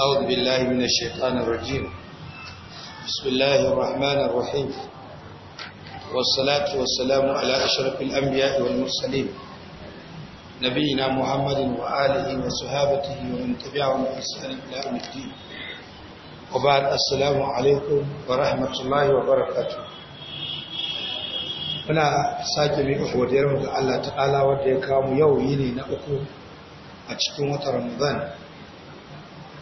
أعوذ بالله من الشيطان الرجيم بسم الله الرحمن الرحيم والصلاة والسلام على أشرف الأنبياء والمرسلين نبينا محمد وآله وصحابته ومن تبعهم بإحسان إلى يوم الدين وبعد السلام عليكم ورحمة الله وبركاته muna sake mai godiyar mu ga Allah ta'ala wanda ya kawo mu yau yini na uku a cikin watan Ramadan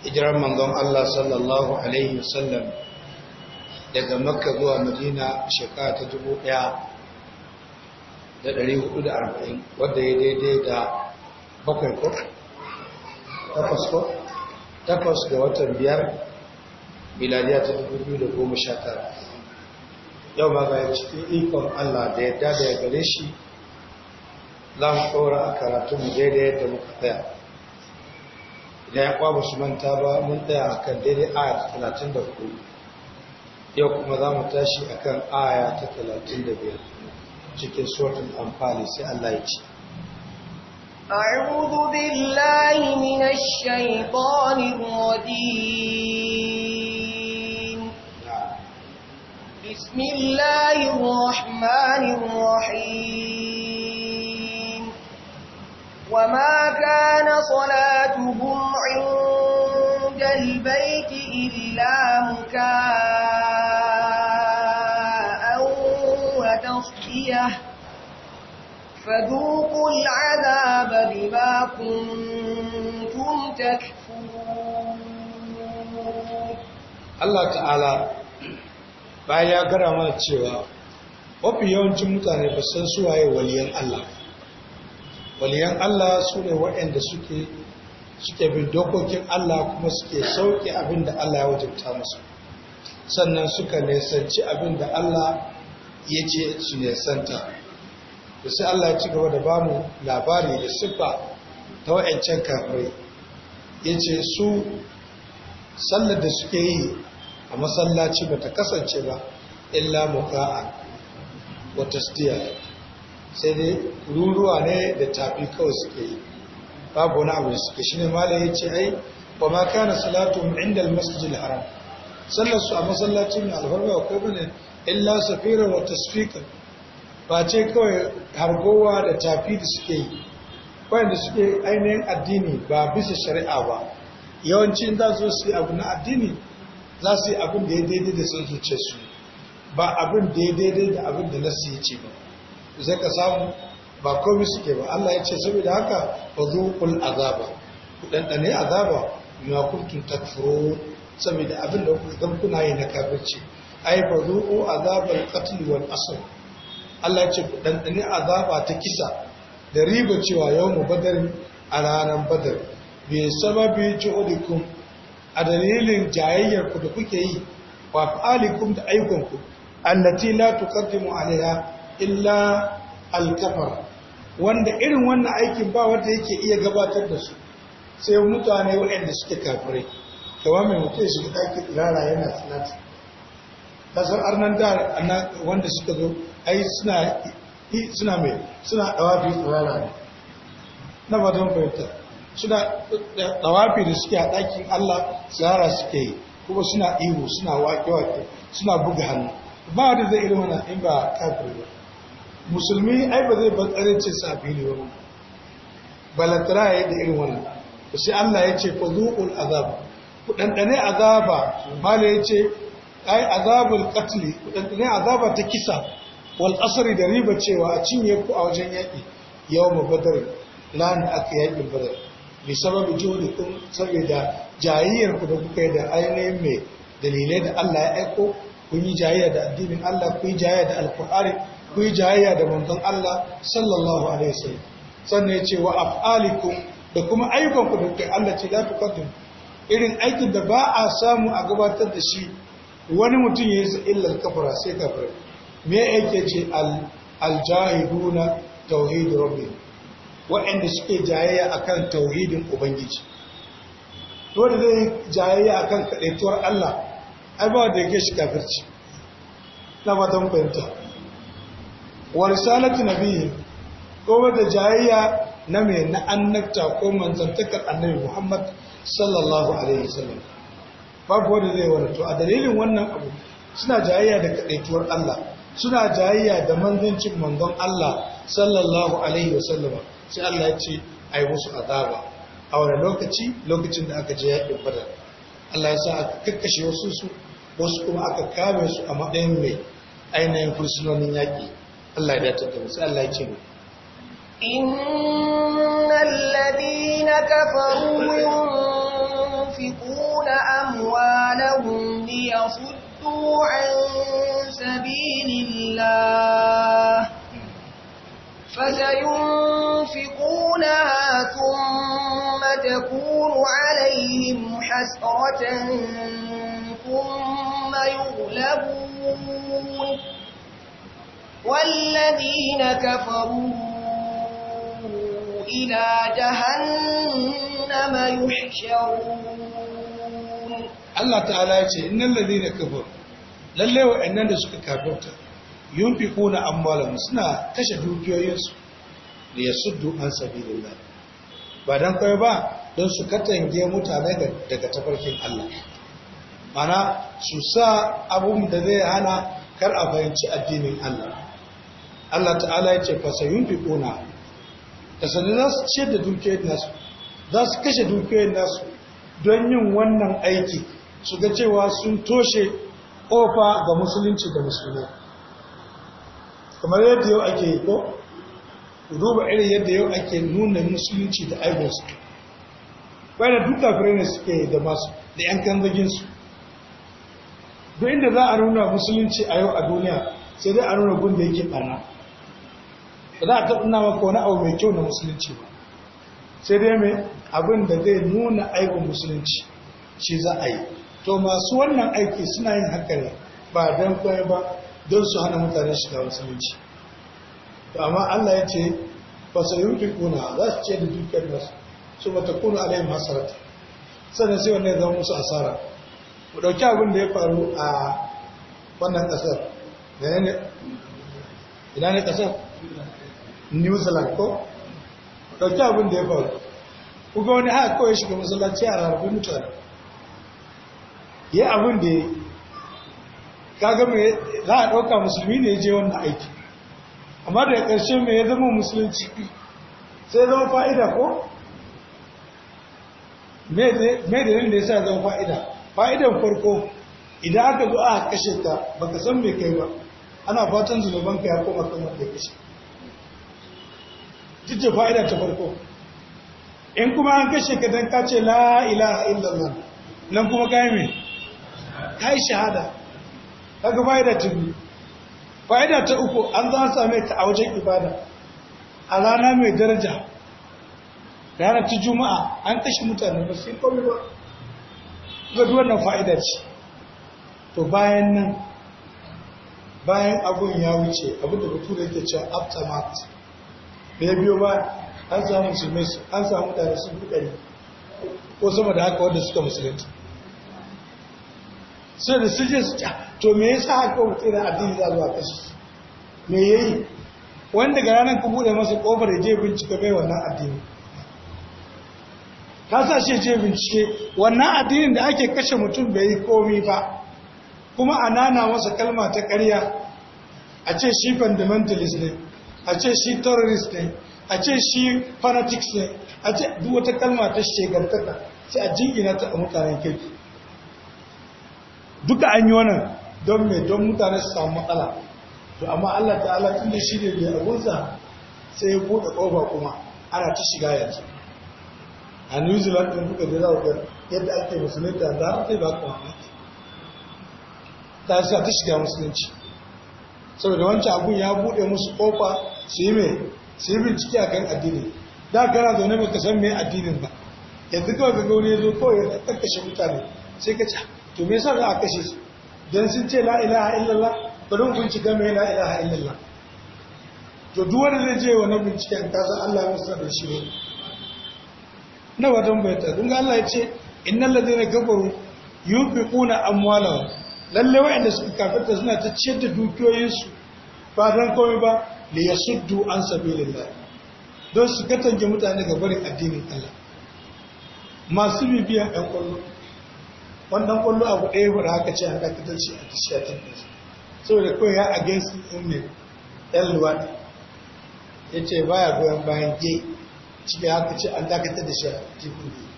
hijirar manzon Allah sallallahu alaihi wasallam daga makka zuwa madina shekara ta dubu ɗaya da ɗari hudu da arba'in wadda ya daidai da bakwai ko takwas ko takwas ga watan biyar miladiya ta dubu biyu da goma sha tara yau ma ga cikin ikon Allah da ya dada ya gare shi za mu a karatunmu daidai da muka tsaya idan ya kwaba su manta ba mun tsaya a kan daidai aya ta 34 yau kuma za mu tashi a kan aya ta biyar. cikin sortin amfani sai Allah ya ce أعوذ بالله من الشيطان الرجيم بسم الله الرحمن الرحيم وما كان صلاتهم عند البيت إلا مكاء وتصفية فذوقوا العذاب بما كنتم تكفرون الله تعالى بايا قرأ ما تشيوه mafi yawancin mutane ba san suwaye waliyan Allah waliyan Allah su ne waɗanda suke suke bin dokokin Allah kuma suke sauke abin da Allah ya wajabta musu sannan suka nesanci abin da Allah ya ce su nesanta da sai Allah ya ci gaba da bamu labari da siffa ta waɗancan kafirai ya ce su sallar da suke yi a masallaci ba ta kasance ba illa muka'a wa tasdiya sai dai ruruwa ne da tafi kawai suke yi babu wani abu da suke shine malai ya ce ai ba ma kana salatu inda almasjid masjid sallar su a masallacin al alfarma ko bane illa safira wa tasfiqan ba ce kawai hargowa da tafi da suke yi wanda suke ainihin addini ba bisa shari'a ba yawanci za su su yi abu na addini za su yi abin da ya daidai da sun zuce su ba abin da ya daidai da abin da nasu ya ce ba Zai ka samu ba komai suke ba Allah ya ce saboda haka zo kul azaba ku dandane azaba ma kuntum takfurun saboda abin da kuka zan kuna yi na kafirci ai ba fa zuqu azabal katin wal asr Allah ya ce ku dandane azaba ta kisa da riba cewa yawmu badar a ranar badar bi sababi ju'udikum a dalilin jayayyar ku da kuke yi wa fa'alikum da aikonku allati la tuqaddimu alaiha illa alkafara wanda irin wannan aikin ba wanda yake iya gabatar da su sai mutane waɗanda suke kafirai kawai mai mutum shiga ɗakin tsirara yana tsinati kasar arnan da wanda suka zo ai suna suna mai suna ɗawafi tsirara ne na fatan fahimta suna ɗawafi da suke a ɗakin allah tsirara suke yi kuma suna ihu suna wake-wake suna buga hannu ba da zai irin wannan in ba kafirai ba musulmi ai ba zai bankarancin sa fili ba balantana ya yi da irin wannan sai Allah ya ce fa zuqul azab ku dandane azaba mala ya ce ai azabul qatl ku dandane azaba ta kisa wal asri da riba cewa a cinye ku a wajen yaki yawm badr lan aka yaki badr bi sababi kun saboda jayayyar ku da kuka yi da ainihin mai dalilai da Allah ya aiko kun yi jayayya da addinin Allah kun yi jayayya da alkur'ani ku yi jayayya da manzon Allah sallallahu alaihi wasallam sannan ya ce wa af'alikum da kuma ayyukan ku da Allah ce la tuqaddim irin aikin da ba a samu a gabatar da shi wani mutum ya yi illar kafara sai kafara me yake ce aljahiduna tauhid rabbi wa'anda suke jayayya akan tauhidin ubangiji dole zai jayayya akan kadaituwar Allah ai ba da yake shi kafirci na fatan fahimta wa risalatu nabiyyi ko da jayayya na mai na annabta ko manzantakar annabi Muhammad sallallahu alaihi wasallam babu wanda zai wani to a dalilin wannan abu suna jayayya da kadaituwar Allah suna jayayya da manzancin manzon Allah sallallahu alaihi wasallam sai Allah ya ce ai musu azaba a wani lokaci lokacin da aka je yakin badar Allah ya sa aka kakkashe wasu su wasu kuma aka kame su a matsayin mai ainihin fursunonin yaƙi Allah ya dace mu sai Allah ya ce innal ladina kafaru yunfiquna amwalahum liyasuddu an sabilillah fasayunfiqunaha thumma takunu alayhim hasratan thumma yughlabun والذين كفروا إلى جهنم يحشرون الله تعالى يقول إن الذين كفروا للي وإننا نسك كافرت ينفقون أموالهم سنا تشهدوا بيوينسوا liyasuddu an sabilillah ba dan kai ba don su katange mutane daga tafarkin Allah mana su sa abun da zai hana kar a fahimci addinin Allah Allah ta'ala ya ce fasayun fi ƙuna. da sanin za su ce da dukiyar nasu za su kashe dukiyar nasu don yin wannan aiki su ga cewa sun toshe ƙofa ga musulunci da musulmai kamar yadda yau ake yi ko duba irin yadda yau ake nuna musulunci da aibinsu bai da duka firinai suke da masu da 'yan kanzaginsu duk inda za a nuna musulunci a yau a duniya sai dai a nuna gunda yake ɓana ba za a taɓa maka wani abu mai kyau na musulunci ba sai dai mai abin da zai nuna aikin musulunci shi za a yi to masu wannan aiki suna yin hakari ba don kwaye ba don su hana mutane shiga musulunci to amma Allah ya ce ba su yi kuna za su ce da dukiyar nasu su ba ta kuna alayhim masarata sannan sai wannan zama musu asara ku ɗauki abin da ya faru a wannan ƙasar ina ne ƙasar new zealand ko ɗauki abin da ya faru kuga wani haka kawai shiga masallaci a rarrabe mutane ya abin da ya kaga mai za a ɗauka musulmi ne ya je wannan aiki amma da ƙarshe mai ya zama musulunci sai zama fa'ida ko mai da ya sa zama fa'ida fa'idan farko idan aka zo a kashe ta baka san mai kai ba ana fatan ka ya koma kan wanda ya kashe ce fa'ida ta farko in kuma an kashe ka don kace ce la ilaha illallah nan kuma ka yi mai ka yi shahada kaga fa'ida ta biyu fa'ida ta uku an za same ta a wajen ibada a rana mai daraja ranar ta juma'a an kashe mutane ba sai komai ba zabi wannan fa'ida ce to bayan nan bayan abun ya wuce abin da bature yake cewa aftermath da biyo ba an samu musulmi an samu mutane sun fi ɗari ko sama da haka wanda suka musulunci sai da su je su ca to me yasa haka mutum irin addini za zuwa kashi me ya yi wanda ga ranar ku buɗe masa ƙofar da je bincika mai wannan addini ta sa shi je bincike wannan addinin da ake kashe mutum bai yi komi ba kuma a nana masa kalma ta ƙarya a ce shi fundamentalist ne a ce shi terrorist ne a ce shi fanatics ne a ce duk wata kalma ta shegantaka sai a jingina ta a mutanen kirki duka an yi wannan don mai don mutane su samu matsala to amma Allah ta allah tunda shi ne mai abunsa sai ya bude kofa kuma ana ta shiga yanzu a new zealand ɗin da jira ga yadda ake musulunta da ta ba ku ta ta shiga musulunci saboda wancan abun ya buɗe musu kofa su yi mai su yi bincike a kan addini da kana zaune ba ka san mai addinin ba yanzu kawai ka gauni ya zo kawai ya kakkashe mutane sai ka ce to me yasa za a kashe su don sun ce la ilaha illallah bari mu bincika mai la ilaha illallah to duk wanda zai je wannan binciken ka san Allah ya musa da shi ne na wajen bayyana dun Allah ya ce innal ladina kafaru yunfiquna amwalahum lalle wa'anda suka kafirta suna ta ciyar da dukiyoyinsu ba don komai ba da ya suddu an sabilillah don su katange mutane ga barin addinin Allah masu bibiyan ɗan ƙwallo wannan ƙwallo abu ɗaya ba da haka ce a dakatar shi a tashiya ta ɗansu saboda kawai ya against ɗin ɗan luwaɗi ya ce baya goyon bayan ke Cikin haka ce an dakatar da shi a jifin gay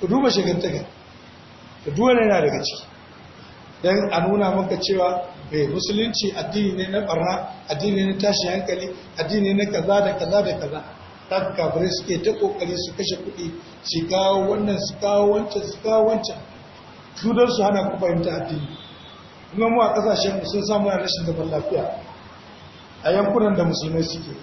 ku duba shagantakar da duwane na daga ciki don a nuna maka cewa mai eh, musulunci addini ne na barna addini ne na tashi hankali addini ne na kaza da kaza da kaza ta kafirai suke ta kokari su kashe kuɗi su kawo wannan su kawo wancan su kawo wancan su don su hana ku fahimta addini kuma mu a ƙasashen sun samu rashin zaman lafiya a yankunan da musulmai suke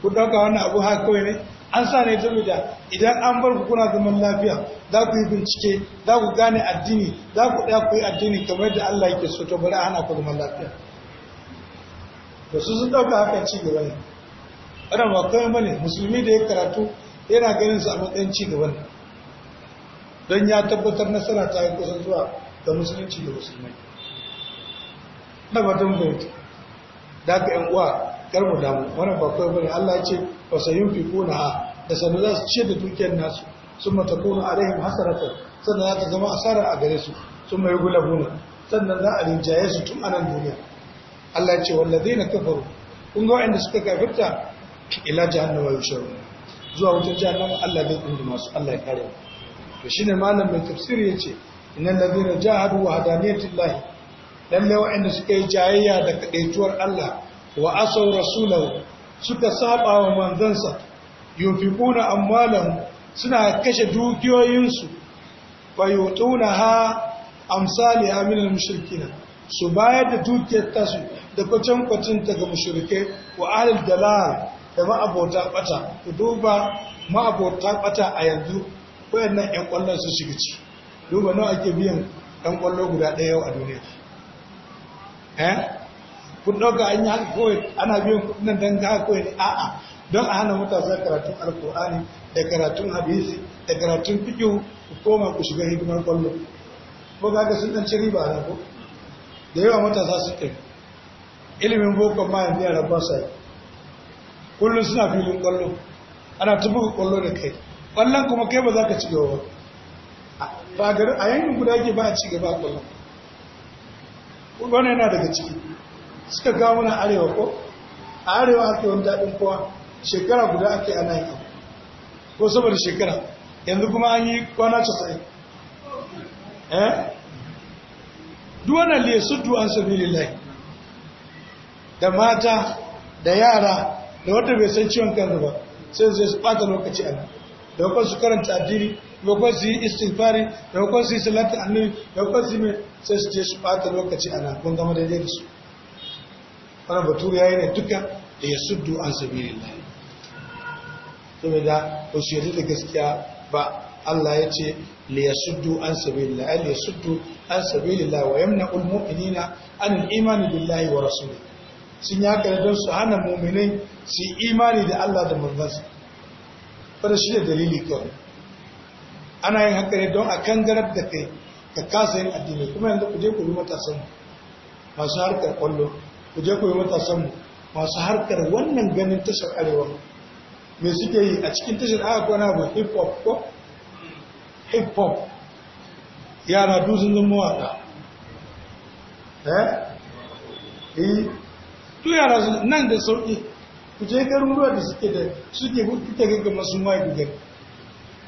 ku ɗauka wannan abu haka kawai ne an sa ne saboda idan an bar ku kuna zaman lafiya za ku yi bincike za ku gane addini za ku ɗaya ku yi addini kamar da Allah yake so to bari ana ku zaman lafiya da su sun ɗauka haka ci gaba ne ɗan ba ba bane musulmi da ya karatu yana ganin su a matsayin ci gaba ne don ya tabbatar nasara ta yi kusan zuwa ga musulunci da musulmai na batun bai da ka yan uwa Kar mu damu wannan ba kawai bane Allah ya ce fa sayunfiquna da sanin za su ce da dukiyar nasu summa takunu alaihim hasaratan sannan za ta zama asara a gare su summa yughlabuna sannan za a rinjaye su tun anan duniya Allah ya ce wallazina kafaru kun ga wanda suka kafirta ila jahannama yusharu zuwa wutar jahannama Allah zai tsunduma su Allah ya kare to shine malam mai tafsiri yace innal ladina jahadu wa hadaniyatillahi lalle wa'anda suka yi jayayya da kadaituwar Allah wa asaw rasulahu suka saba wa manzansa yufikuna amwalahum suna kashe dukiyoyinsu bayotuna ha amsali amil mushrikina su bayar da dukiyar tasu da kwacin kwacin daga mushrike wa ahlul dalal da ma'abota bata ku duba ma'abota bata a yanzu wayannan ƴan kwallon su shiga ci duba nawa ake biyan ƴan kwallo guda ɗaya a duniya eh kun ɗauka an yi haka kawai ana biyan kuɗin nan don ga kawai ne a'a don a hana matasa karatun alkur'ani da karatun hadisi da karatun fiƙo ku koma ku shiga hidimar kwallo ko ga sun dan ci riba na ko da yawa matasa su kai ilimin boko ma yanzu yara ba sai kullum suna filin kwallo ana tubu kwallo da kai kwallon kuma kai ba za ka ci gaba ba a yankin guda ke ba a ci gaba kwallon wannan yana daga ciki suka gawo na arewa ko a arewa ake wani daɗin kowa shekara guda ake ana yi ko saboda shekara yanzu kuma an yi kwana casa'in eh duwannan liya suddu an sabili lai da mata da yara da wanda bai san ciwon kansa ba sai zai su ɓata lokaci a nan da wakon su karanta addini da wakon su yi istighfari da wakon su yi salatin annabi da wakon su yi mai sai su je su ɓata lokaci a nan kun gama daidai da su wannan ya yi ne duka da ya suddu an sabilillah saboda ba su yadda da gaskiya ba Allah ya ce li suddu an sabilillah ya suddu an sabilillah wa yamna'ul mu'minina an al-iman billahi wa rasulih sun ya kare don su hana muminin su imani da Allah da manzansa fara shi da dalili kawai ana yin haka ne don a kan da kai ka kasa yin addini kuma yanzu ku je ku bi matasan masu harkar kwallo ku je ku yi matasanmu masu harkar wannan ganin tashar arewa me suke yi a cikin tashar aka kwana ba hip hop ko hip hop dusun zan mawaka eh eh to yara nan da sauki ku je garuruwa da suke da suke kuke gaga masu mai gugar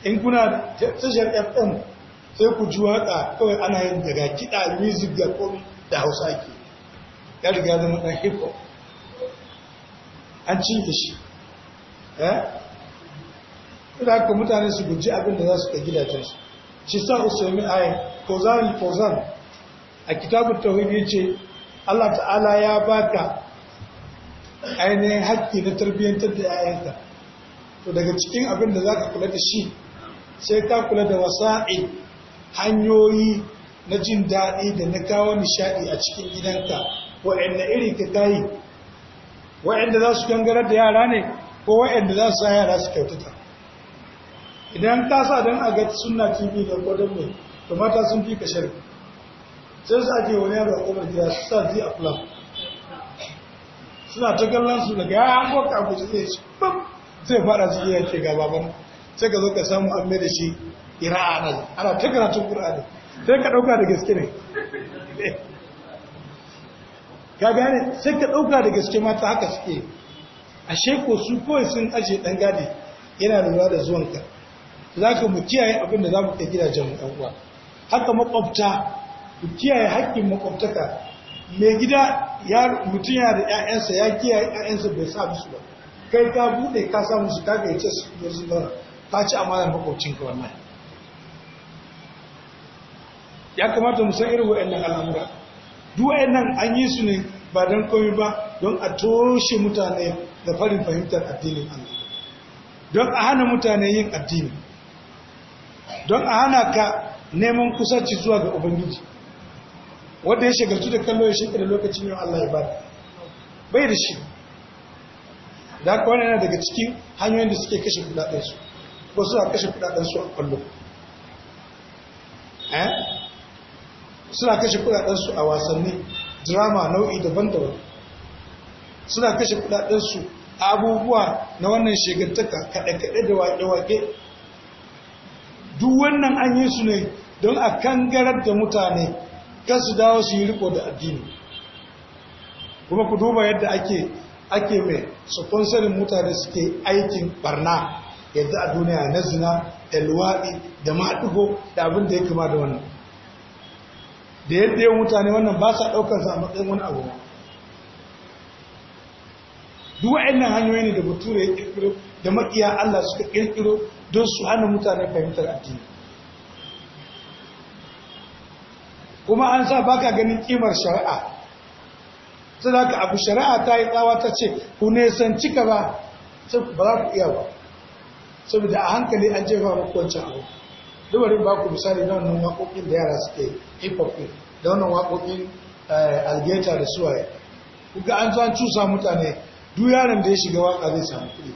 in kuna tashar fm sai ku ji waka kawai ana yin daga kiɗa music da komi da hausa ke ya riga zama ɗan hip hop an cinye shi eh da haka mutane su guji abin da za su gidajen gidajensu shi sa usaimi ayin kozan kozan a kitabun tauhidi ce Allah ta'ala ya baka ainihin haƙƙi na tarbiyyantar da ‘ya'yanka to daga cikin abin da za kula da shi sai ka kula da wasa'i hanyoyi na jin daɗi da na kawo nishaɗi a cikin gidanka waɗanda iri ka ta yi waɗanda za su gangarar da yara ne ko waɗanda za su sa yara su kyautata idan ka sa don a ga suna tv da kwadon mai to mata sun fi kashar sai su ake wani yaro a kofar gida su sa ji a kula suna ta kallon su daga ya hango ka abu zai su zai fara su iya ke gaba ban sai ka zo ka samu an mai da shi ira'a nan ana ta karatun ne. sai ka ɗauka da gaske ne ka gane sai ka ɗauka da gaske mata haka suke ashe ko su kawai sun ajiye ɗan gane yana lura da zuwanka za ka mu kiyaye abin da za mu kai gidajen mu haka makwabta ku kiyaye haƙƙin makwabtaka mai gida mutum yana da ƴaƴansa ya kiyaye 'ya'yansa bai sa musu ba kai ka buɗe ka sa musu ka ga yace su yanzu ba ka ci amanar ka wannan ya kamata mu san irin waɗannan al'amura duwai nan an yi su ne ba don komi ba don a toshe mutane da farin fahimtar addinin Allah don a hana mutane yin addini don a hana ka neman kusanci zuwa ga ubangiji wanda ya shagaltu da kallo ya da lokacin yau Allah ya bada bai da shi da haka wani yana daga cikin hanyoyin da suke kashe kudadensu ko suna kashe kudadensu a kwallo eh? suna kashe kudadensu a wasanni drama nau'i daban-daban suna kashe kudadensu a abubuwa na wannan shegartaka kaɗe-kaɗe da waƙe-waƙe duk wannan an yi su ne don a kangarar da mutane kan su dawo su yi riko da addini kuma ku duba yadda ake ake mai sponsorin mutane suke aikin barna yadda a duniya na zina da luwaɗi da maɗigo da abin da ya kama da wannan da yadda yau mutane wannan ba sa ɗaukarsa a matsayin wani abu ba. duk ina hanyoyi ne da bature ya ƙirƙiro da maƙiya Allah suka ƙirƙiro don su hana mutane fahimtar addini kuma an sa baka ganin ƙimar shari'a sai da abu shari'a ta yi tsawa ta ce ku san cika ba ba za ku iya ba saboda a hankali an jefa muku wancan abu dubarin ba ku misali na wannan waƙoƙin da yara suke hip hop da wannan wakokin eh, algeta da suwaye kuka an zo cusa mutane duk yaran da ya shiga waka zai samu kuɗi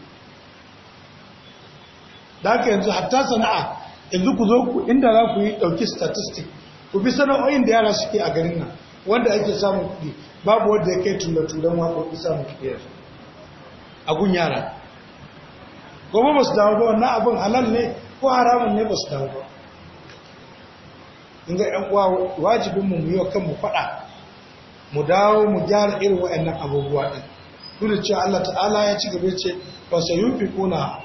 da aka yanzu hatta sana'a yanzu ku zo ku inda za ku yi ɗauki statistic ku bi sana'o'in da yara suke a garin nan wanda ake samun kuɗi babu wanda ya kai tulaturan wakoki samun kuɗi a gun yara gobe ba su dawo ba wannan abin halal ne ko haramun ne ba su dawo ba in ga ‘yan uwa wajibinmu mu yi wa kanmu faɗa mu dawo mu gyara irin wayannan abubuwa ɗin duk da cewa Allah ta'ala ya ci gaba ce ba sa fi kuna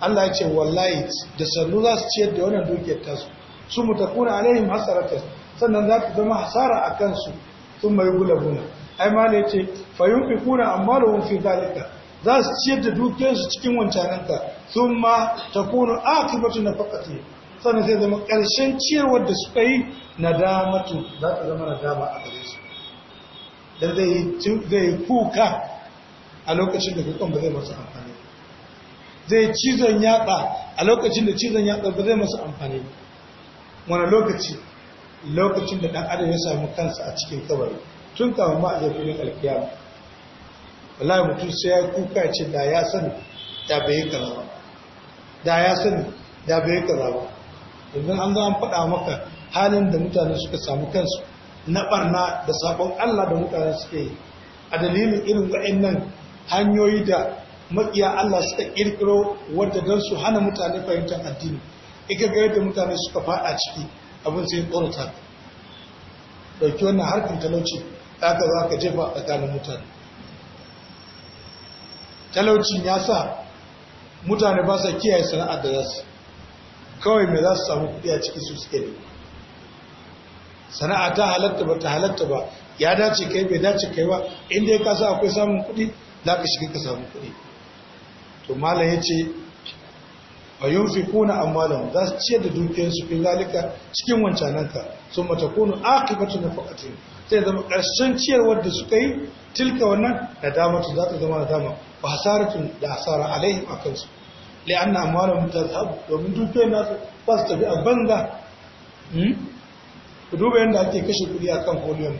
Allah ya ce wallahi da sannu za su ciyar da wannan dukiyar tasu su mu ta kuna alaihim hasaratas sannan za ta zama hasara a kansu sun mai guna ai ma ne ce fa fi kuna amma da fi dalika za su ciyar da dukiyarsu cikin wancananka sun ma ta kuna akibatu na fakati sannan zai zama ƙarshen ciyarwar da suka yi nadamatu za ta zama nadama a gare su da zai yi kuka a lokacin da kukan ba zai masu amfani zai cizon yatsa a lokacin da cizon yatsa ba zai masu amfani wani lokaci lokacin da ɗan adam ya samu kansa a cikin kabari tun kama ma a zafinin alkiyama wallahi mutum sai ya kuka ce da ya sani da bai yi kaza ba da ya sani da bai yi kaza ba domin an zama an faɗa maka halin da mutane suka samu kansu na ɓarna da sabon Allah da mutane suke yi a dalilin irin waɗannan hanyoyi da makiya Allah suka ƙirƙiro wadda don su hana mutane fahimtar addini ika ga yadda mutane suka faɗa ciki abin sai tsorata ɗauki wannan harkar talauci ɗaga za ka jefa tsakanin mutane talaucin ya sa mutane ba sa kiyaye sana'ar da za su kawai mai za su samu kuɗi a ciki su suke ne sana'a ta halatta ba ta halatta ba ya dace kai bai dace kai ba inda ya kasa akwai samun kuɗi za ka shiga ka samu kuɗi to malam ya ce a yi fi kuna malam za su ciyar da dukiyarsu fi zalika cikin wancananka sun mata aka akibatu na fakatin sai zama ƙarshen ciyarwar da suka yi tilka wannan da damatu za ta zama da dama ba hasaratun da hasara alaihim a kansu li'anna ta tazhab domin dukiyar nasu ba su tafi a banza ku duba ake kashe kuɗi akan polio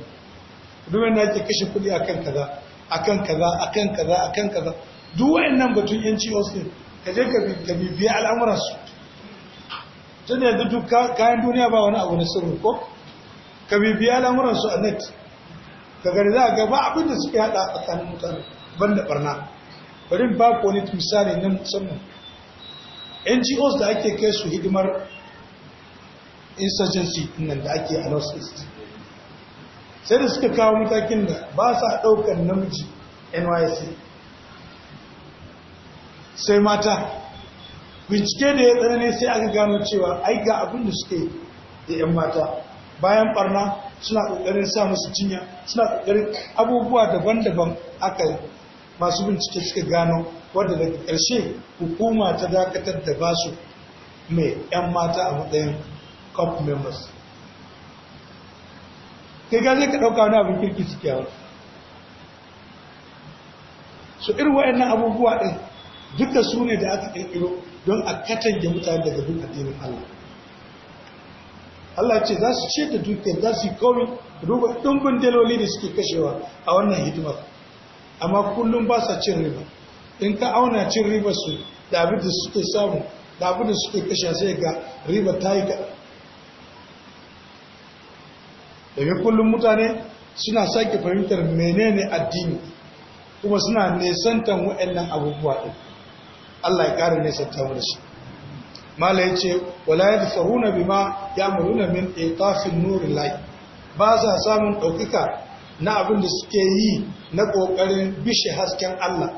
ku duba yadda ake kashe kuɗi akan kaza akan kaza akan kaza akan kaza duk wayannan batun yanci osin ka je ka bibiya al'amuran su tun yanzu duk kayan duniya ba wani abu na sirri ko ka bibiya al'amuran su a net ka gari za ga ba abin suke hada a tsakanin mutane ban da barna bari ba ko ne misali na musamman ngos da ake kai su hidimar insurgency nan da ake a north east sai da suka kawo matakin da ba sa ɗaukar namiji nysc sai mata bincike da ya tsanani sai aka gano cewa ai ga abin da suke da 'yan mata bayan barna suna kokarin sa musu jinya, suna ƙoƙarin abubuwa daban-daban aka masu bincike suka gano wadda daga ƙarshe hukuma ta dakatar da basu mai 'yan mata a matsayin cup members kai ga ka ɗauka wani abin kirki suke yawa su irin wa'annan abubuwa ɗin duka su ne da aka ƙirƙiro don a katange mutane daga duk addinin Allah Allah ce za su ce da dukkan za su yi kawai rubar ɗungun daloli da suke kashewa a wannan hidimar amma kullum ba sa cin riba in ka auna cin riba su da abin da suke samu da abin da suke kashe sai ga riba ta yi ga kullum mutane suna sake fahimtar menene addini kuma suna nesantan wa'annan abubuwa ɗin Allah ya ƙara nesanta mu da shi mala yace ce wala ya tsaruna bima ya min iqafin nurin lai ba sa samun ɗaukaka na abin da suke yi na ƙoƙarin bishe hasken Allah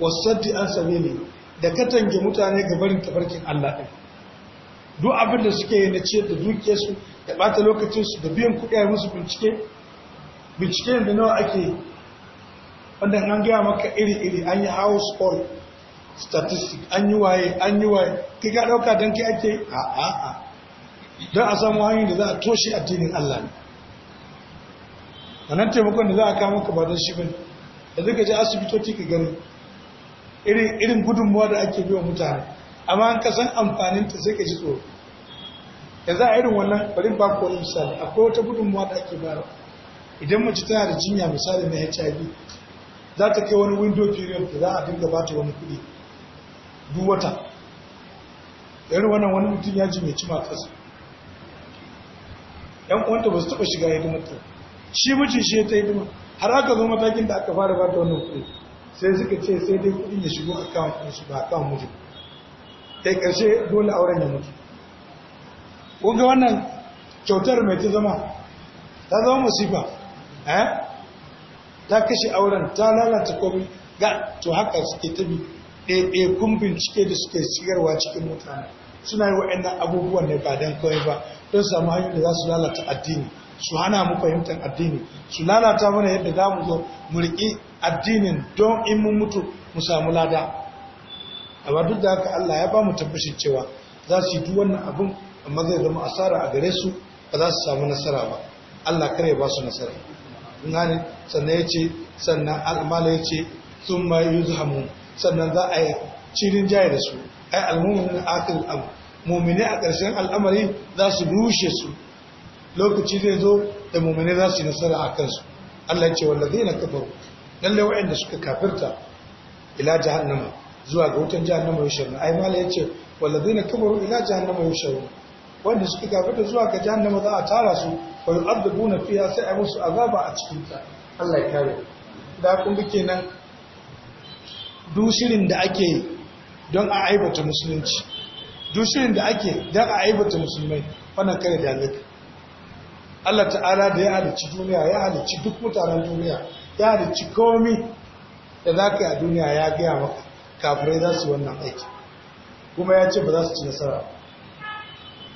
wasaddi an sabili da katange mutane ga barin tafarkin Allah ɗin duk abin da suke yi na ce da duke su da ɓata lokacinsu da biyan kuɗi a musu bincike bincike da nawa ake wanda an gaya maka iri-iri an yi house all statistic an yi waye an yi waye kai ka ɗauka don kai ake a a a don a samu hanyar da za a toshe addinin Allah ne wannan taimakon da za a kawo maka ba don shi bane da zai gaji asibitoci ka gani irin gudunmuwa da ake biyan mutane amma an ka san amfanin ta sai ka ji tsoro za a irin wannan bari ba ko wani misali akwai wata gudunmuwa da ake bayarwa idan mace tana da jinya misali na HIV za ta kai wani window period da za a dinga ba ta wani kuɗi duk wata irin wannan wani mutum ya ji mai cima kasa yan uwanta ba su taɓa shiga hidimar ta shi mijin shi ta duma har aka zo matakin da aka fara bata wannan kuɗi sai suka ce sai dai kuɗin ya shigo akawun kusa ba akawun mijin kai ƙarshe dole auren ya mutu kun wannan kyautar mai ta zama ta zama musifa eh? ta kashe auren ta lalata komai ga to haka suke ta ɗaya kun bincike da suke shigarwa cikin mutane suna yi wa'annan abubuwan ne ba don kawai ba don samu hanyar da za su lalata addini su hana mu fahimtar addini su lalata mana yadda za mu zo mu riƙi addinin don in mun mutu mu samu lada amma duk da haka Allah ya ba mu tabbashin cewa za su yi duk wannan abin amma zai zama asara a gare su ba za su samu nasara ba Allah kare ba su nasara sannan ya ce sannan al'amala ya ce sun ma yi zuhamu sannan za a yi cirin jaye da su ai al'ummin akil a ƙarshen al'amari za su rushe su lokaci zai zo da mummune za su yi nasara a kansu Allah ce wallazi na kafaru lalle wa'anda suka kafirta ila jahannama zuwa ga wutan jahannama yusharun ai mala yace wallazi na kafar ila jahannama yusharun wanda suka kafirta zuwa ga jahannama za a tara su wa yu'adabuna fiha sai a musu azaba a cikin ta Allah ya kare da kun bi kenan dushirin da ake don a aibata musulunci dushirin da ake don a aibata musulmai wannan kare da alaka Allah ta'ala da ya halicci duniya ya halicci duk mutanen duniya ya halicci komi da za ka yi a duniya ya gaya maka kafirai za su wannan aiki kuma ya ce ba za su ci nasara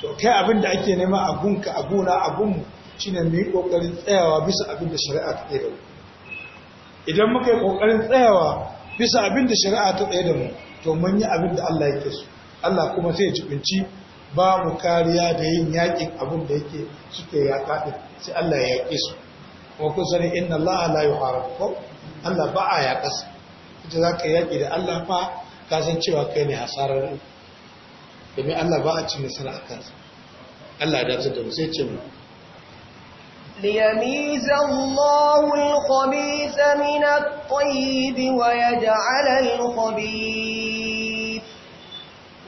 to kai abin da ake nema a gunka a gona a gunmu shine mu yi kokarin tsayawa bisa abin da shari'a ta ɗaya da mu idan muka yi kokarin tsayawa bisa abin da shari'a ta ɗaya da mu to mun yi abin da Allah yake so Allah kuma sai ya jibinci ba mu kariya da yin yakin abin da yake suke yaƙa ɗin sai Allah ya yaƙe su Ko kun sani inna Allah la yuharib ko Allah ba a yaƙa su ita za ka yaƙi da Allah fa ka san cewa kai ne hasarar domin Allah ba a ci nasara a kansa Allah da ta da mu sai ce mu ليميز الله الخبيث من الطيب ويجعل الخبيث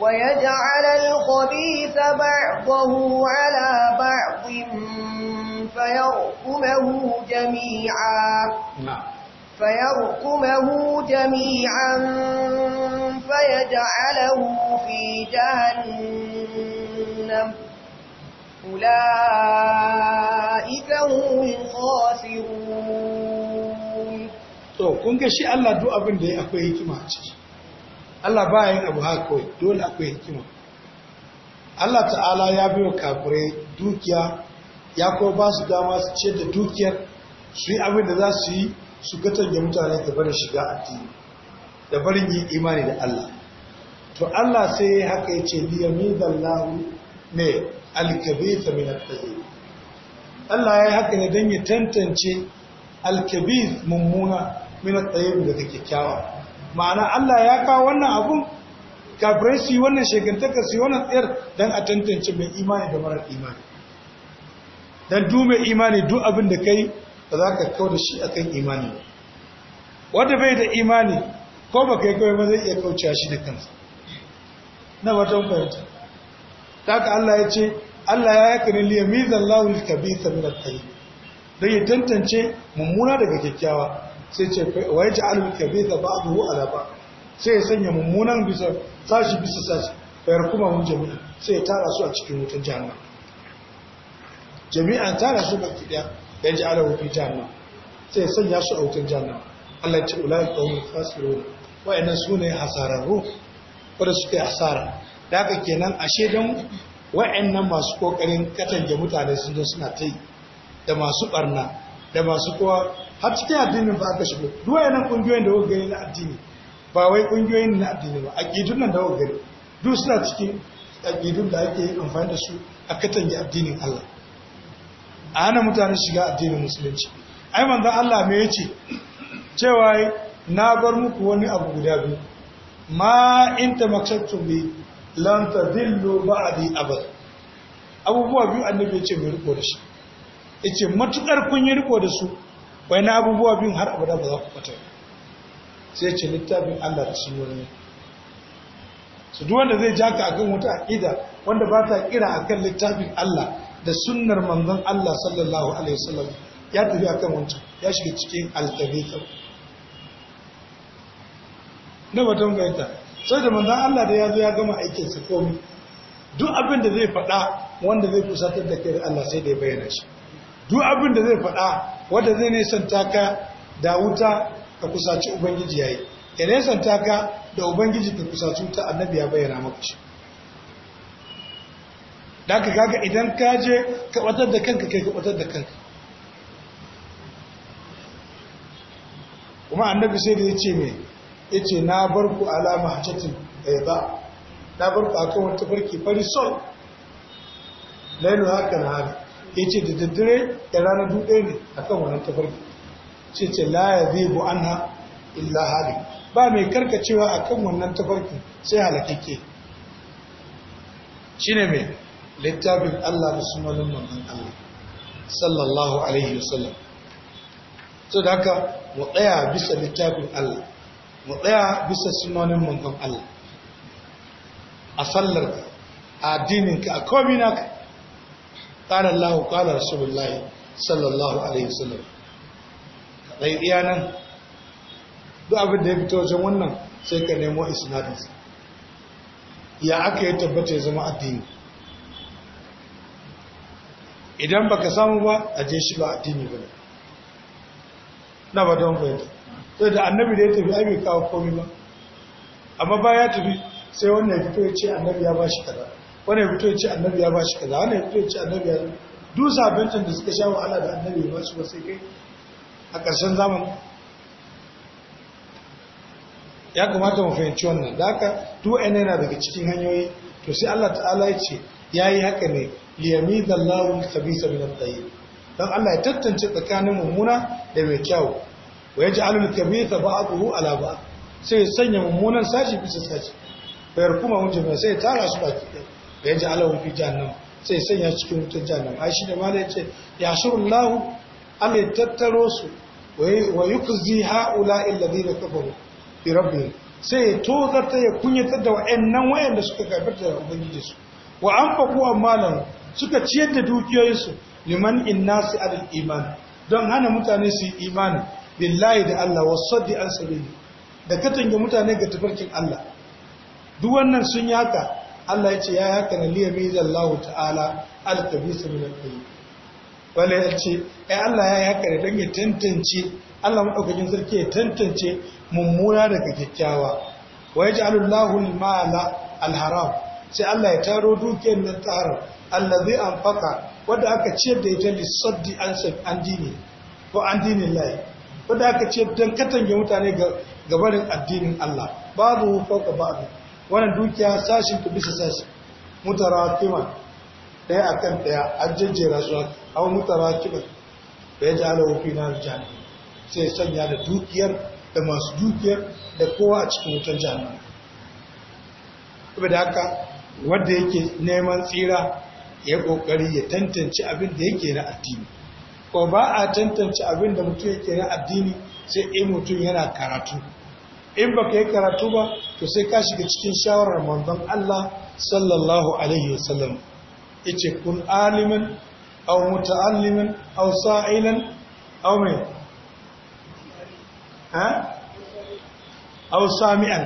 ويجعل الخبيث بعضه على بعض فيركمه جميعا فيركمه جميعا فيجعله في جهنم أولئك هم الخاسرون to kun ga shi Allah duk abin da ya akwai hikima a ciki Allah ba yin abu haka kawai dole akwai hikima Allah ta'ala ya biyo kafure dukiya ya kuma ba su dama su ce da dukiyar su yi abin da za su yi su gatan da mutane da barin shiga addini da barin yin imani da Allah to Allah sai ya haka ya ce liyamidallahu ne alkabita min at Allah ya haka ne don ya tantance alkabir mummuna min at da daga kyakkyawa ma'ana Allah ya kawo wannan abun kafirai su yi wannan shekantaka su yi wannan tsayar don a tantance mai imani da marar imani don du mai imani duk abin da kai ba za ka kawo da shi a kan imani ba wanda bai da imani ko ba kai kawai ba zai iya kaucewa shi da kansa na watan fahimta ta ka Allah ya ce Allah ya yaka ne liyamizan lawul kabisa min al-tayyib don ya tantance mummuna daga kyakkyawa sai ce wa yaji alul kabitha ba'dahu ala ba sai ya sanya mummunan bisa sashi bisa sashi fa kuma hum jami'a sai ya tara su a cikin wutar jahannam jami'an tara su baki daya yaji alul fi jahannam sai ya sanya su a wutar jahannam Allah ya ce ulai qawmul khasirun wa'annan sune hasararru wanda suke hasara da haka kenan ashe dan wa'annan masu kokarin katange mutane sun zo suna ta yi da masu barna da masu kowa har cikin addinin ba aka shigo duk wani kungiyoyin da kuka gani na addini ba wai kungiyoyin na addini ba a aqidun nan da kuka gani duk suna cikin aqidun da ake amfani da su a katange addinin Allah a hana mutane shiga addinin musulunci ai manzo Allah me yace cewa na bar muku wani abu guda biyu ma in tamaksatu bi lan tadillu ba'di abad abubuwa biyu annabi yace mai riko da shi yace matukar kun yi riko da su wai na abubuwa biyun har abu da ba za ku bata sai ce littafin Allah da wani su duk wanda zai jaka akan wata ƙida, wanda ba ta kira akan littafin Allah da sunnar manzon Allah sallallahu alaihi wasallam ya tafi akan wancan ya shiga cikin altabita na batun gaita sai da manzon Allah da ya zo ya gama aikin sa komai duk abin da zai faɗa wanda zai kusatar da kai Allah sai da ya bayyana shi duk abin da zai faɗa wanda zai nesanta ka da wuta ka kusaci ubangiji ya yi, ya nesanta ka da ubangiji ka kusaci wuta annabi ya bayyana maka da ka kaga idan ka je ka batar da kanka kai ka batar da kanka kuma annabi sai da ya ce mai ya ce na bar ku alama hajjatin ɗaya ba na bar ku akan wata farki farisol lailu haka na haka ya ce da daddare da ranar dutse ne a kan wannan tafarki ce ce laya zai bu an ha illa hali ba mai karkacewa a kan wannan tafarki sai halakake shi ne mai littafin allah da malin manzan allah sallallahu alaihi wasallam To da haka mu tsaya bisa littafin allah mu tsaya bisa sunanin manzan allah a sallar a addininka a kominaka. qala Allah qala rasulullahi sallallahu alaihi wasallam dai iya nan duk abin da ya fito wajen wannan sai ka nemo isnadinsa ya aka yi tabbata ya zama addini idan baka samu ba a je shi ba addini ba na ba don fahimta sai da annabi da ya tafi ai bai kawo komi ba amma ba ya tafi sai wannan ya fito ya ce annabi ya ba shi kaza wani fito ya ce annabi ya shi kaza wani fito ya ce annabi ya dusa bincin da suka sha wahala da annabi ya shi ba sai kai a ƙarshen zamani ya kamata mu fahimci wannan da haka duk ɗaya yana daga cikin hanyoyi to sai Allah ta'ala ya ce ya yi haka ne liyami da lawun sabisa min al-tayyib dan Allah ya tantance tsakanin mummuna da mai kyau wa yaj'alu al-kabisa ba'dahu ala ba'd sai ya sanya mummunan sashi bisa sashi bayar kuma wajen sai ya tara su baki ɗaya da ya ji alawun fi jannan sai sanya cikin wutar jannan a shi da mala ya ce ya surullahu ame tattaro su wa yukzi haula alladhina kafaru bi rabbihim sai ya tozarta ya kunyatar da wayan wayanda suka kafirta da ubangiji su wa an a amalan suka ciyar da dukiyoyinsu liman innasi adal iman don hana mutane su yi imani billahi da Allah sadi an sabili da katange mutane ga tafarkin Allah duk wannan sun yi haka Allah ya ce ya haka na liya mizan lahu ta'ala al-kabisa min al-qayyib ya ce ai Allah ya haka ne dan ya tantance Allah madaukakin sarki ya tantance mummuna daga kyakkyawa wa yaj'alu Allahu al-mala al-haram sai Allah ya taro dukiyar nan ta haram allazi anfaqa wanda aka ciyar da ita lisaddi an an dini ko an dini lai wanda aka ciyar dan katange mutane ga gabarin addinin Allah babu fauka ba'du wannan dukiya sashin ta bisa sashi mutarakiman ɗaya akan daya an jejjera su aw mutarakiman da ya jala wufi na jami sai sanya da dukiyar da masu dukiyar da kowa a cikin wutar jami saboda haka wanda yake neman tsira ya kokari ya tantance abin da yake na addini ko ba a tantance abin da mutum yake na addini sai in mutum yana karatu in baka yi karatu ba to sai ka shiga cikin shawarar manzon Allah sallallahu alaihi wasallam yace kun alimin aw muta'allimin aw sa'ilan aw mai ha aw sami'an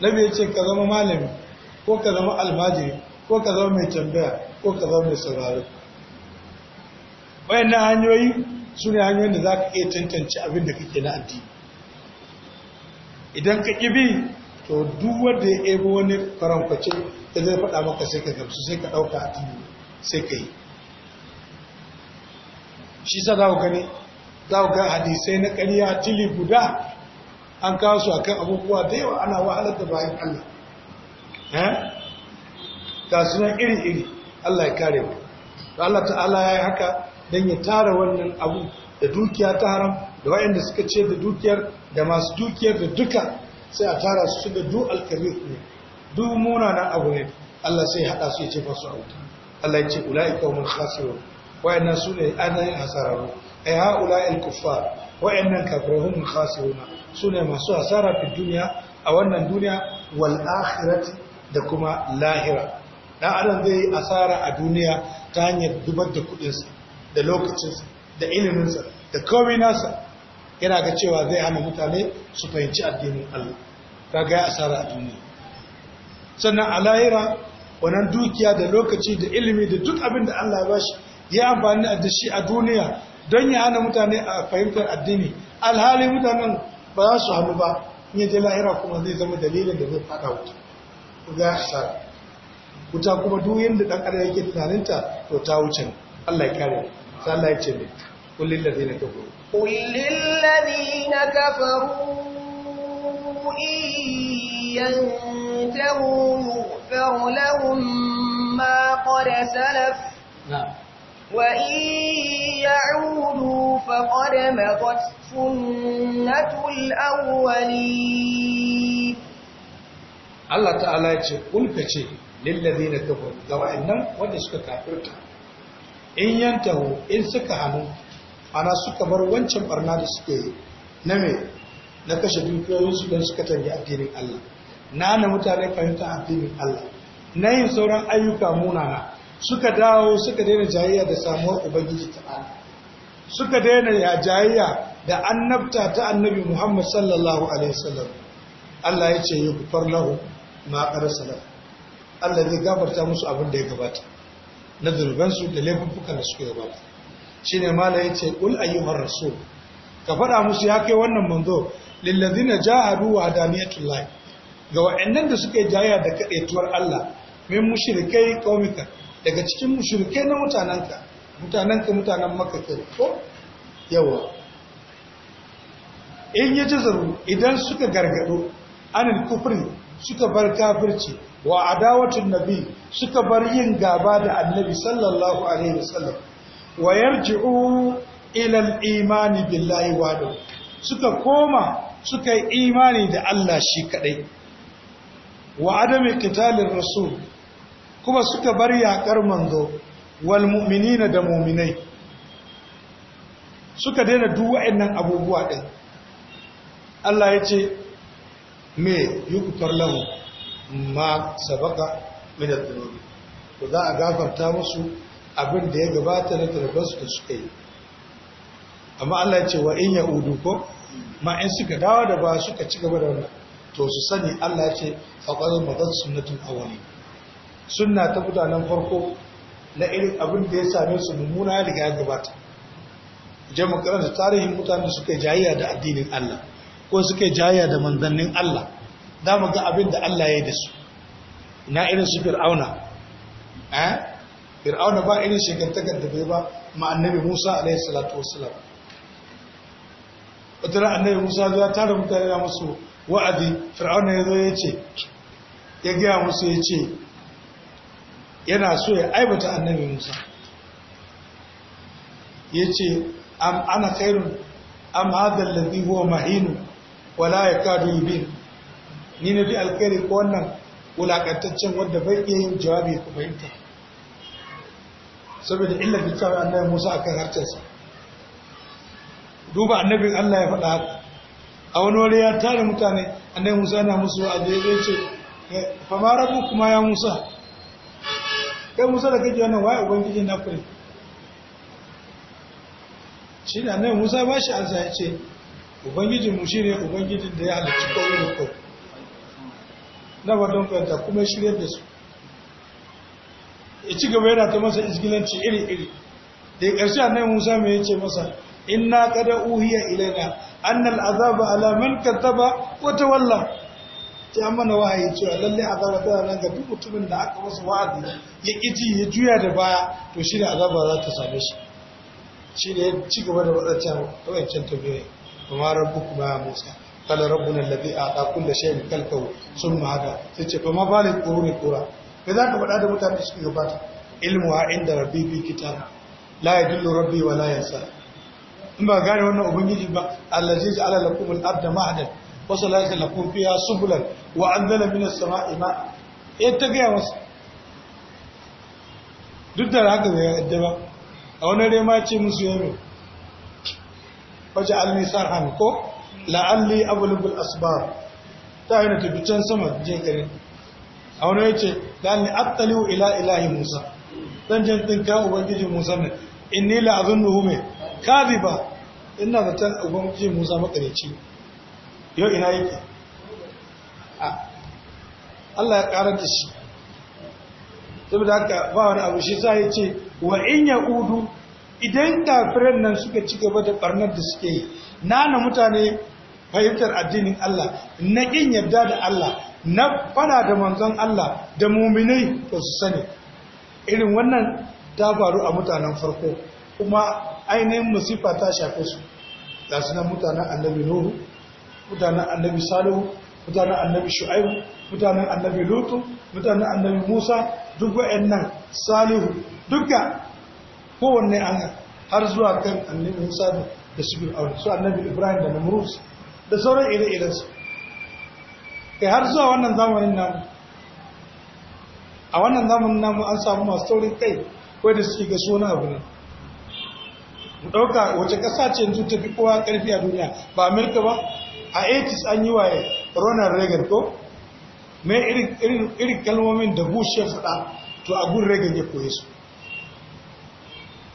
nabi yace ka zama malami ko ka zama almajiri ko ka zama mai tambaya ko ka zama mai sauraro wayannan hanyoyi su ne hanyoyin da za ka iya tantance abin da kake na addini idan ka bi to duk wanda ya ebo wani faramface da zai faɗa maka sai ka gamsu sai ka ɗauka a tuni sai ka yi shi sa za ku gani za ku ga hadisai na ƙariya tili guda an kawo su a kan abubuwa da yawa ana wahalar da bayan Allah ta eh? suna iri-iri Allah ya kare mu Allah ta'ala ya yi haka don ya tara wannan abu da dukiya ta haram da wayanda suka ce da dukiyar da masu dukiyar da duka sai a tara su da du alkarir ne du na abu ne Allah sai hada su ya ce fasu a wuta Allah ya ce ula'ika umul khasirun wayannan su ne anayin hasararru ai ha'ula'il kuffar wayannan kafirahum khasirun su ne masu hasara fi duniya a wannan duniya wal akhirati da kuma lahira da adam zai yi asara a duniya ta hanyar dubar da kudinsa da lokacinsa da iliminsa da komai nasa yana ga cewa zai hana mutane su fahimci addinin Allah kaga ya asara a duniya sannan a lahira wannan dukiya da lokaci da ilimi da duk abin da Allah ya bashi ya amfani da shi a duniya don ya hana mutane a fahimtar addini alhali mutanen ba za su hannu ba in yaje lahira kuma zai zama dalilin da zai fada wuta ga ya asara wuta kuma duk yadda ɗan adam yake tunaninta to ta wuce Allah ya kare sai Allah ya ce ne قل للذين كفروا قل للذين كفروا إن ينتهوا يغفر لهم ما قد سلف نعم وإن يعودوا فقد مضت سنة الأولين Allah ta'ala ya ce kulka ce lillazina kafaru ga wa'annan wanda suka kafirta in in suka hanu ana suka bar wancan barna da suke yi na me na kashe dukiyoyinsu don suka tangi addinin Allah na na mutane fahimta addinin Allah na yin sauran ayyuka munana suka dawo suka daina jayayya da samuwar ubangiji ta'ala suka daina ya jayayya da annabta ta annabi Muhammad sallallahu alaihi wasallam Allah ya ce yughfar lahu ma Allah zai gafarta musu abin da ya gabata na zurgansu da laifuffukan da suka gabata ne mala ce ƙul ayyuhar rasu? ka faɗa musu ya kai wannan manzo na ja lillazina jahadu wa lai ga wa'annan da yi jaya da kaɗaituwar Allah min mushrikai qaumika daga cikin mushrikai na mutananka mutananka mutanen makka ko yawa in ya zaru idan suka gargado anil kufri suka bar kafirci wa adawatin nabi suka bar yin gaba da annabi sallallahu alaihi wasallam wa yarji'u ila al-imani billahi wahdahu suka koma suka yi imani da Allah shi kadai wa adami qitalir rasul kuma suka bar yakar manzo wal mu'minina da mu'minai suka daina duk wayannan abubuwa din Allah ya ce me yuqtar lahu ma sabaka min ad-dunubi to za a gafarta musu abin da ya gabata na tarbarsu da suka yi amma Allah ya ce wa in ya udu ko ma in suka dawo da ba suka ci gaba da wannan to su sani Allah ya ce faqad madat sunnatun awwali sunna ta mutanen farko na irin abin da ya same su mummuna ya riga ya gabata je mu karanta tarihin mutanen suka jayya da addinin Allah ko suka jayya da manzannin Allah da mu ga abin da Allah ya yi da su na irin su fir'auna eh fir'auna ba irin shekantakar da bai ba ma annabi musa alaihi salatu wasalam wata annabi musa ya tara mutane na musu wa'adi fir'auna ya zo ya ce ya gaya musu ya ce yana so ya aibata annabi musa ya ce am ana khairun am hadha alladhi huwa mahinu wala yakadu yubin ni na fi alkhairi ko wannan wulakantaccen wanda bai iya yin jawabi ku fahimta saboda illa littafin annabi Musa akan harcensa duba annabin Allah ya faɗa haka a wani wuri ya tare mutane annabi Musa yana musu a daidai ce fa ma rabu kuma ya Musa kai Musa da kake wannan waye ubangiji na kure shi da annabi Musa ba shi an ya ce ubangijin mu ne ubangijin da ya halicci kawai da kawai na wadon fahimta kuma shirya da su ya ci gaba yana ta masa isgilanci iri-iri da ya ƙarshe annai musa mai yace masa inna kada uhiya ilaina annal azaba ala man kazzaba wa tawalla ta mana wahayi cewa lalle azaba tana nan ga duk mutumin da aka masa wa'azi ya kiji ya juya da baya to shi ne azaba za ta same shi shi ne ya ci gaba da wadancan wadancan tabiyoyi kuma rabbuku ba musa قال ربنا الذي أعطى كل شيء خلقه ثم هدى فما بالك قرون kai za ka faɗa da mutane suke gabata ilmu a inda rabbi bi kitab la yadullu rabbi wa la yansa in ba gane wannan ubangiji ba allazi ja'ala lakum al-abda ma'adan wa salaka lakum fiha subulan wa anzala minas sama'i ma'a eh ta ga wasu duk da haka bai yadda ba a wani rema ce musu yaro wace almi sarhan ko la'alli abulubul asbab ta yana na tafi can sama je garin a wani yace la'anni attaliu ila ilahi Musa dan jin din ka ubangiji Musa ne inni la azunnu hume kadiba ina zata ubangiji Musa makareci yo ina yake Allah ya karar da shi saboda haka ba wani abu shi sai ce wa in ya udu? idan kafiran nan suka ci gaba da barnar da suke yi nana mutane fahimtar addinin Allah na kin yarda da Allah na fada da manzon Allah da muminai to su sani irin wannan ta faru a mutanen farko kuma ainihin musifa ta shafe su da su nan mutanen annabi nuhu mutanen annabi salihu mutanen annabi shu'aibu mutanen annabi lutu mutanen annabi musa duk wa'annan salihu duka kowanne an har zuwa kan annabi musa da su aure su annabi ibrahim da namrus da sauran ire-irensu kai har zuwa wannan zamanin namu a wannan zamanin namu an samu masu taurin kai wai da suke ga suna abu ne mu ɗauka wace ƙasa ce yanzu ta fi kowa ƙarfi a duniya ba amurka ba a 80s an yi waye ronald reagan ko mai irin kalmomin da bush ya faɗa to a gun reagan ya koye su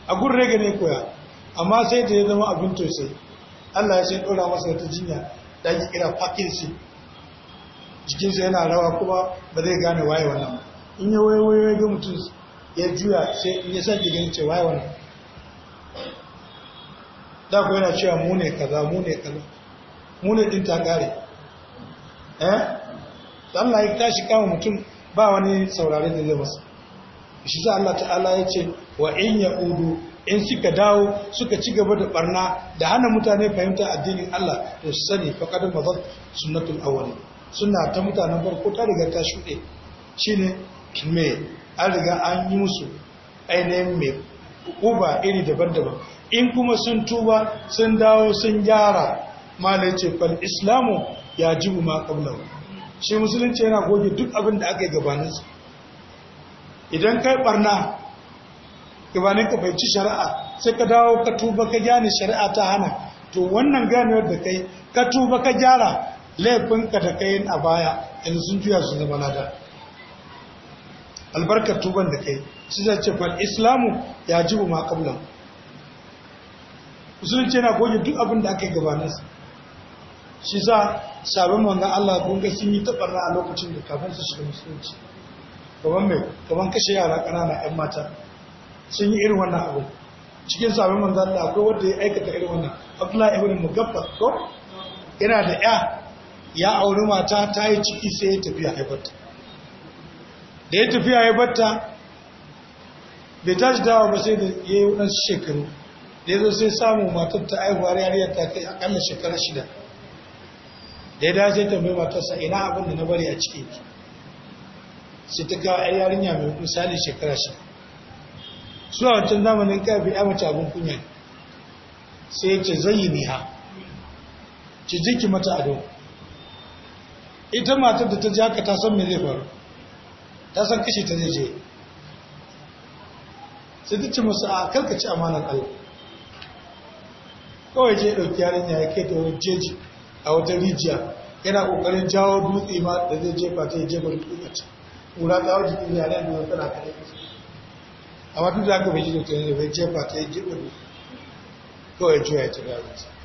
a gun reagan ya koya amma sai da ya zama abin tosai allah ya sai ɗora masa ta jinya da ake kira parkinson jikinsa yana rawa kuma ba zai gane waye wannan in ya waye ga mutum ya juya sai in ya sake ganin ce waye wannan da ku yana cewa mu ne kaza mu ne kaza mu ne din ta kare eh Allah ya tashi kama mutum ba wani saurare da zai masa shi za Allah ta'ala ya ce wa in ya udu? in suka dawo suka ci gaba da barna da hana mutane fahimta addinin Allah to su sani faqad mazal sunnatul awwalin suna ta mutanen farko ta riga ta shuɗe Shi ne me an riga an yi musu ainihin mai uba iri daban-daban in kuma sun tuba sun dawo sun gyara da ce fal islamu ya ji ma qablahu shi musulunci yana goge duk abin da aka yi gabaninsu? idan kai barna gabanin ka fahimci shari'a sai ka dawo ka tuba ka gyane shari'a ta hana to wannan ganewar da kai ka tuba ka gyara laifinka da kayin a baya yanzu sun juya su zama nada albarkar tuban da kai su zai ce kwan islamu ya jibu ma kabla musulunci yana goge duk abin da aka yi su shi za sabon wanda Allah gunga sun yi tabarra a lokacin da kafin su shiga musulunci kaman mai kaman kashe yara ƙanana 'yan mata sun yi irin wannan abu cikin sabon wanda Allah akwai wanda ya aikata irin wannan Abdullahi ibn Mugaffar ko yana da ya ya auri mata ta yi ciki sai ya tafiya haibarta da ya tafiya haibarta bai ji dawa ba sai da ya yi waɗansu shekaru da ya zo sai samu matar ta aihuwar yariyar ta kai akalla shekara shida da ya dawo sai tambayi matarsa ina abin da na bari a ciki sai ta kawo yar yarinya mai misali shekara shida su a wancan zamanin kafin ya mace abin kunya sai ya ce zai yi ha ki jiki mata ado ita matar da ta ji haka ta san me zai faru ta san kashe ta zai je sai ta ce musu a karkace amanar Allah kawai je ɗauki yarinya ya kai ta wani jeji a wata rijiya yana ƙoƙarin jawo dutse ma da zai jefa ta jefa dutse ce ƙura ta wajen ɗin yaren da wata na kare kusa amma duk da aka bai ji da ta bai jefa ta jefa dutse kawai juya ya ci gaba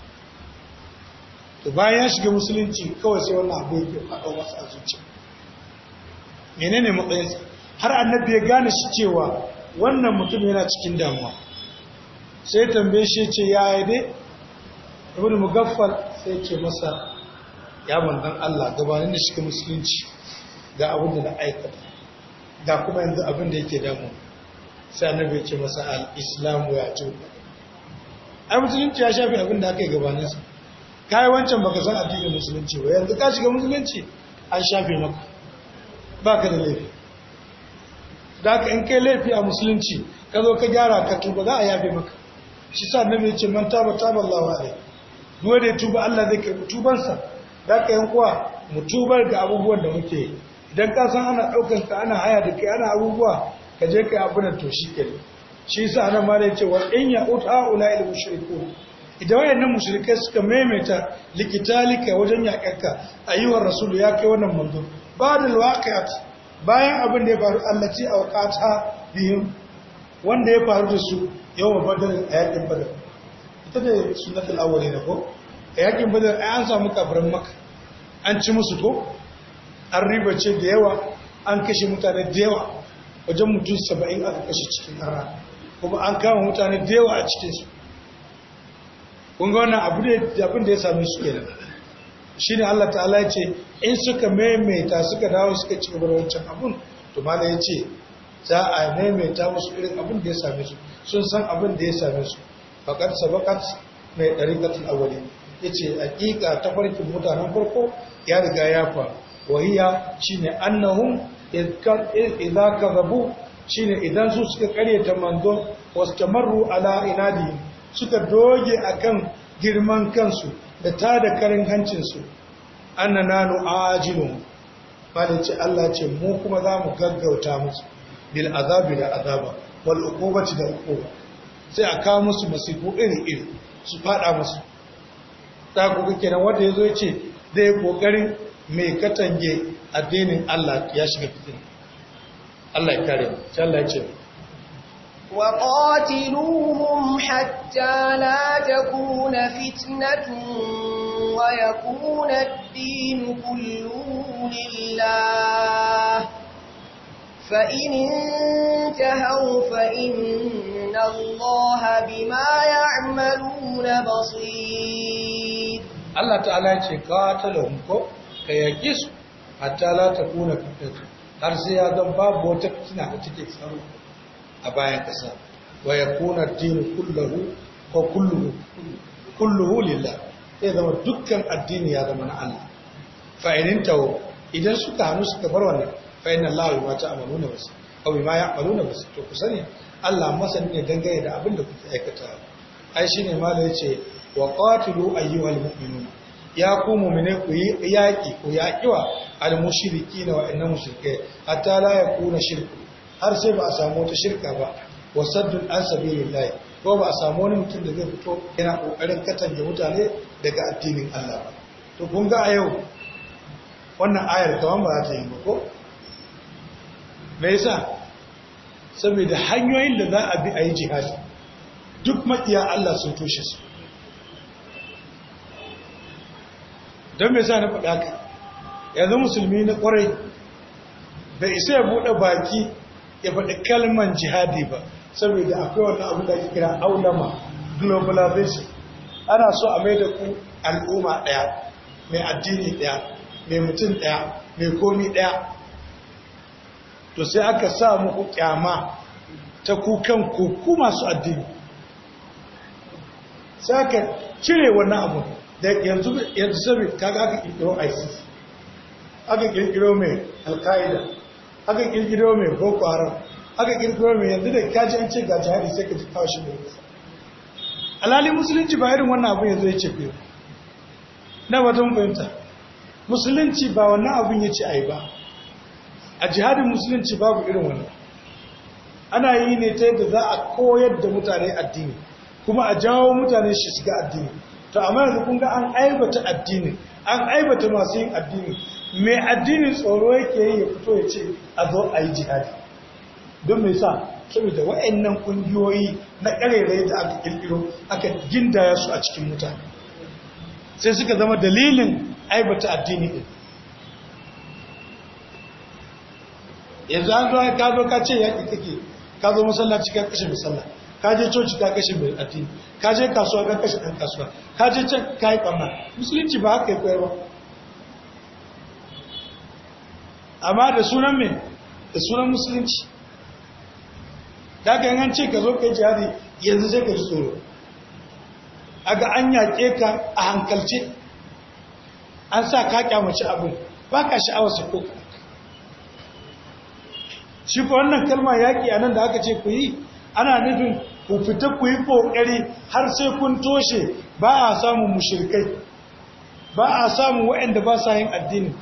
to bayan ya shiga musulunci kawai sai wannan abu ya faɗo masa a zuciya menene matsayinsa har annabi ya gane shi cewa wannan mutum yana cikin damuwa sai tambaye shi ce ya yi dai ibn mugaffal sai ke masa ya manzan Allah gabanin da shiga musulunci ga abin da na aikata ga kuma yanzu abin da yake damu sai annabi ya ce masa al-islamu ya ce ai musulunci ya shafi abin da aka yi gabaninsa kai wancan baka san addinin musulunci ba yanzu ka shiga musulunci an shafe maka baka da laifi da ka in kai laifi a musulunci ka zo ka gyara ka tuba za a yafe maka shi sa annabi ya ce man taba taba Allah alai duwa da tuba Allah zai tuban sa da ka yan kuwa mu tubar ga abubuwan da muke idan ka san ana ɗaukan ka ana haya da kai ana abubuwa ka je kai abin to shi kenan shi sa nan ma da ya ce wa in ya uta al mushriku idan wayannan mushrikai suka maimaita likitalika wajen yi wa rasulu ya kai wannan manzo da waqi'at bayan abin da ya faru a wakata biyu wanda ya faru da su ma badar a yakin badar ita ne sunnatul awwali na, ko a yakin badar ai an samu kafiran maka an ci musu ko an ribace da yawa an kashe mutane da yawa wajen mutum saba'in aka kashe cikin rana kuma an kama mutane da yawa a cikinsu kun ga wannan abin da ya sami su kenan shi ne Allah ta'ala ya ce in suka maimaita suka dawo suka ci gaba da wancan abun to mala ya ce za a maimaita musu irin abin da ya same su sun san abin da ya same su faƙar sabaƙat mai katin awali ya ce aƙiƙa ta farkin mutanen farko ya riga ya fa wahiya shi ne annahun idan ka rabu? shi idan su suka ta manzon wasu tamarru ala inadi suka doge a kan girman kansu da ta da karin hancinsu na nanu ajinu ce Allah ce mu kuma za mu gaggauta musu bil azabi da azaba wal uqubati da ukuba sai a kawo musu masifu iri iri su fada musu ta kuka kenan wanda ya ce yace dai kokarin mai katange addinin Allah ya shiga fitin? Allah ya kare mu Allah ya ce وقاتلوهم حتى لا تكون فتنة ويكون الدين كله لله فإن انتهوا فإن الله بما يعملون بصير الله تعالى قاتلهم كيكسوا حتى لا تكون فتنة har sai ya don وتكتنا a bayan ƙasa wa ya kuna dini kullahu ko kulluhu kulluhu lillah zai zama dukkan addini ya zama na Allah fa'inin tawo idan suka hannu suka bar wannan fa'in Allah ma ta amalu na wasu abu ma ya amalu na wasu to ku sani Allah masani ne dangane da abin da kuke aikata ai shine malai yace wa qatilu ayyuhal mu'minuna ya ku mumine ku yi yaƙi ku yaƙiwa al-mushriki na wa'annan mushrike hatta la yakuna shirku har sai ba a samu wata shirka ba wa saddun an lillahi ko ba a samu wani mutum da zai fito yana kokarin katange mutane daga addinin Allah ba to kun ga a yau wannan ayar kaman ba za ta yi ba ko me yasa saboda hanyoyin da za a bi ayi yi jihadi duk maƙiya Allah sun toshe su don me yasa na faɗa ka yanzu musulmi na ƙwarai bai isa ya buɗe baki ya faɗi kalman jihadi ba saboda akwai wani abu da kira aulama globalization ana so a mai da ku al'umma ɗaya mai addini ɗaya mai mutum ɗaya mai komi ɗaya to sai aka sa muku kyama ta kukan kuku masu addini sai aka cire wani abu da yanzu yanzu sabi kaga aka ƙirƙiro ISIS aka ƙirƙiro mai al aka kirkiro mai boko haram aka kirkiro mai yanzu da kaji an ce ga jihadi sai ka ji kawo shi ne alali musulunci ba irin wannan abin yanzu ya ce biyu na batun fahimta musulunci ba wannan abin ya ce a yi ba a jihadin musulunci babu irin wannan ana yi ne ta yadda za a koyar da mutane addini kuma a jawo mutane shi shiga addini to amma yanzu kun ga an aibata addini an aibata masu yin addini mai addinin tsoro yake yi ya fito ya ce a zo a yi jihadi don mai sa saboda wa'annan kungiyoyi na ƙarere da aka ƙirƙiro aka gindaya su a cikin mutane sai suka zama dalilin aibata addini ɗin yanzu an zuwa ka zo ka ce yaƙi kake ka zo masallaci ka kashe masalla ka je coci ka kashe mai addini ka je kasuwa ka kashe ɗan kasuwa ka je can ka yi ɓanna musulunci ba haka ya koyar amma da sunan me da sunan musulunci da ka yan ce ka zo kai jihadi yanzu sai ka tsoro. A ga an yaƙe ka a hankalce an sa ka kyamaci abu ba ka sha'awarsa ko shi ko wannan kalmar yaƙi a nan da aka ce ku yi ana nufin ku fita ku yi ƙoƙari har sai kun toshe ba a samun mushirkai ba a samun waɗanda ba sa yin addini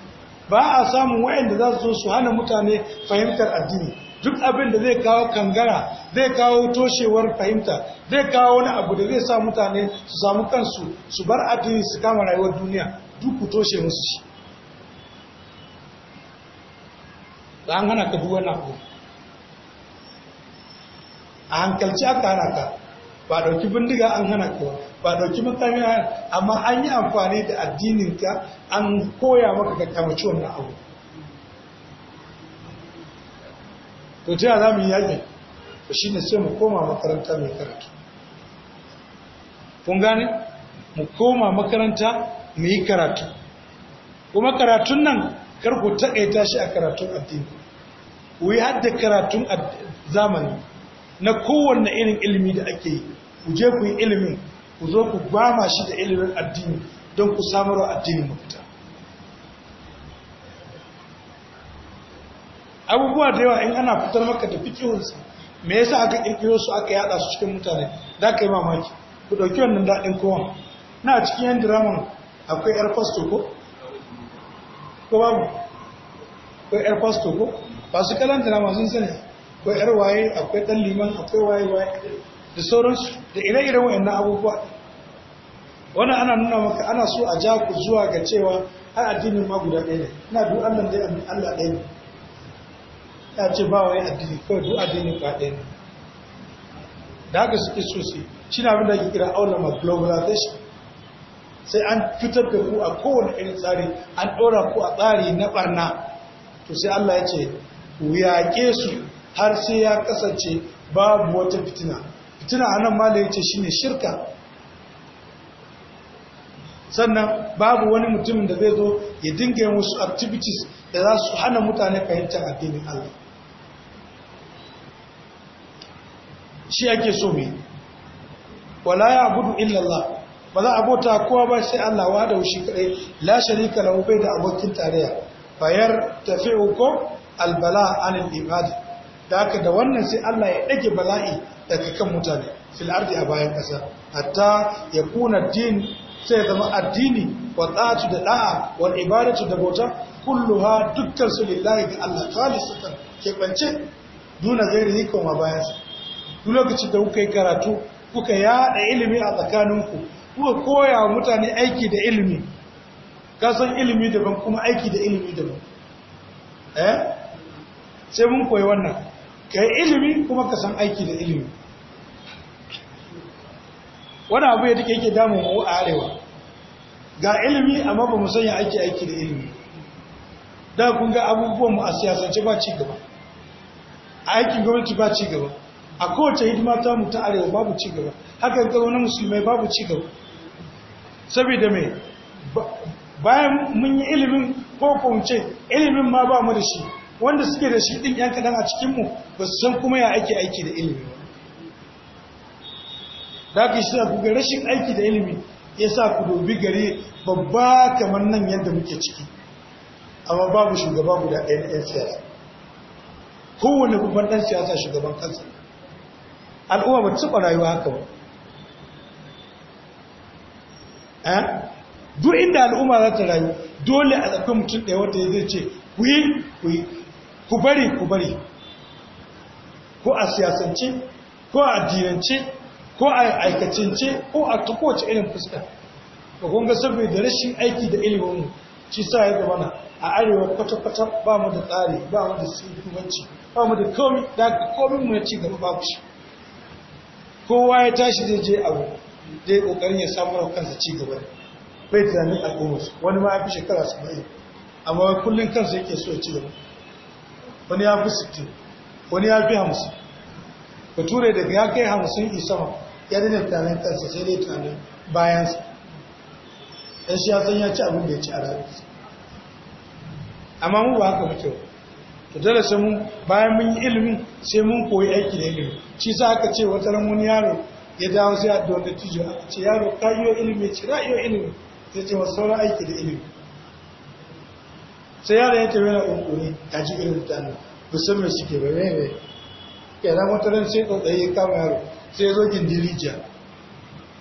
ba a samun wayanda za su zo su hana mutane fahimtar addini duk abin da zai kawo kangara zai kawo toshewar fahimta zai kawo wani abu da zai sa mutane su samu kansu su bar addini su kama rayuwar duniya duk ku toshe musu shi Ba an hana ka duk na ku a hankalci aka hana ka ba ɗauki bindiga an hana ka ba dauki makami amma an yi amfani da addinin ka an koya maka ka kamaci wannan abu to ta za mu yaƙi to shi ne sai mu koma makaranta mai karatu kun gane mu koma makaranta mu yi karatu kuma karatun nan kar ku taƙaita shi a karatun addini ku hadda karatun zamani na kowanne irin ilimi da ake yi ku je ku yi ilimin ku zo ku gwama shi da ilimin addini don ku samarwa addini mafita abubuwa da yawa in ana fitar maka da fikihunsa me yasa aka kirkiro su aka yada su cikin mutane za ka yi mamaki ku ɗauki wannan daɗin kowa na cikin yan diraman akwai yar fasto ko ko babu akwai yar fasto ko ba su kalan diraman sun sani akwai yar waye akwai dan liman akwai waye waye da sauransu da ire-iren wayannan abubuwa wannan ana nuna maka ana so a ja ku zuwa ga cewa ai addinin ma guda ɗaya ne ina duk Allah dai amin Allah ɗaya ne ya ce ba wai addini ko duk addini ba ɗaya ne da haka suke so shi na abin da ke kira aula ma globalization sai an fitar da ku a kowane irin tsari an ɗora ku a tsari na ɓarna to sai Allah ya ce ku yaƙe su har sai ya kasance babu wata fitina fitina a nan mala yace shine shirka sannan babu wani mutumin da zai zo ya dinga yin wasu activities da za su hana mutane fahimtar addinin Allah shi ake so mai wala ya abudu illallah ba za a bota kowa ba sai Allah wa da shi kadai la sharika lahu bai da abokin tarayya bayar tafi'u ko albala anil ibadah da aka da wannan sai Allah ya ɗage bala'i daga kan mutane filardi a bayan ƙasa hatta ya kuna din sai zama addini wa tsatu da ɗa'a wa ibadatu da bauta kulluha dukkan su lillahi ga Allah khalisatan keɓance nuna zai yi koma bayan sa duk lokacin da kuka yi karatu kuka yaɗa ilimi a tsakaninku kuka koya wa mutane aiki da ilimi Ka san ilimi daban kuma aiki da ilimi daban eh sai mun koyi wannan ka yi ilimi kuma ka san aiki da ilimi wani abu ya duka yake damun wa a arewa ga ilimi amma ba musayin aiki aiki da ilimi da kun ga abubuwan mu a siyasance ba ci gaba a aikin gwamnati ba ci gaba a kowace hidima ta mu ta arewa babu ci gaba haka ga wani musulmai babu ci gaba saboda mai bayan mun yi ilimin ko kuma ce ilimin ma ba mu da shi wanda suke da shi ɗin ‘yan kaɗan a cikinmu ba su san kuma ya ake aiki da ilimi ba da ka shi ku ga rashin aiki da ilimi ya sa ku dobi gare babba kamar nan yadda muke ciki amma babu shugaba guda ɗaya na ƴan siyasa kowane babban ɗan siyasa shugaban kansa al'umma ba taɓa rayuwa haka ba eh? duk inda al'umma za ta rayu dole a tsakon mutum ɗaya wata ya zai ce ku yi ku yi ku bari ku bari ko a siyasance ko a addinance ko a aikacince ko a tukowace irin fuska ba kunga saboda rashin aiki da ilimin ci sa ya gabana a arewa kwata-kwata ba mu da tsari ba mu da shugabanci ba mu da komi da komin mu ya ci gaba babu shi kowa ya tashi zai je abu da ya kokarin ya samu rau kansa ci gaba bai tunanin al'ummarsu wani ma ya fi shekara saba'in amma kullum kansa yake so ya ci gaba wani ya fi sittin wani ya fi hamsin bature daga ya kai hamsin isa ya dina tunanin kansa sai dai tunanin bayansa ɗan shi ya ci abin da ya ci a rarrasa amma mu ba haka mutu to dole sai mun bayan mun yi ilimin sai mun koyi aiki da ilimi shi sa aka ce wata ran wani yaro ya dawo sai a da wanda tijo a ce yaro yi iyo ilimi ce na wa ilimi zai ce masu sauran aiki da ilimi sai yara yake tafi yana ƙunƙuni a ji irin mutane musamman suke ba ne mai na mutanen sai tsautsayi ya kama yaro sai ya zo gindirijiya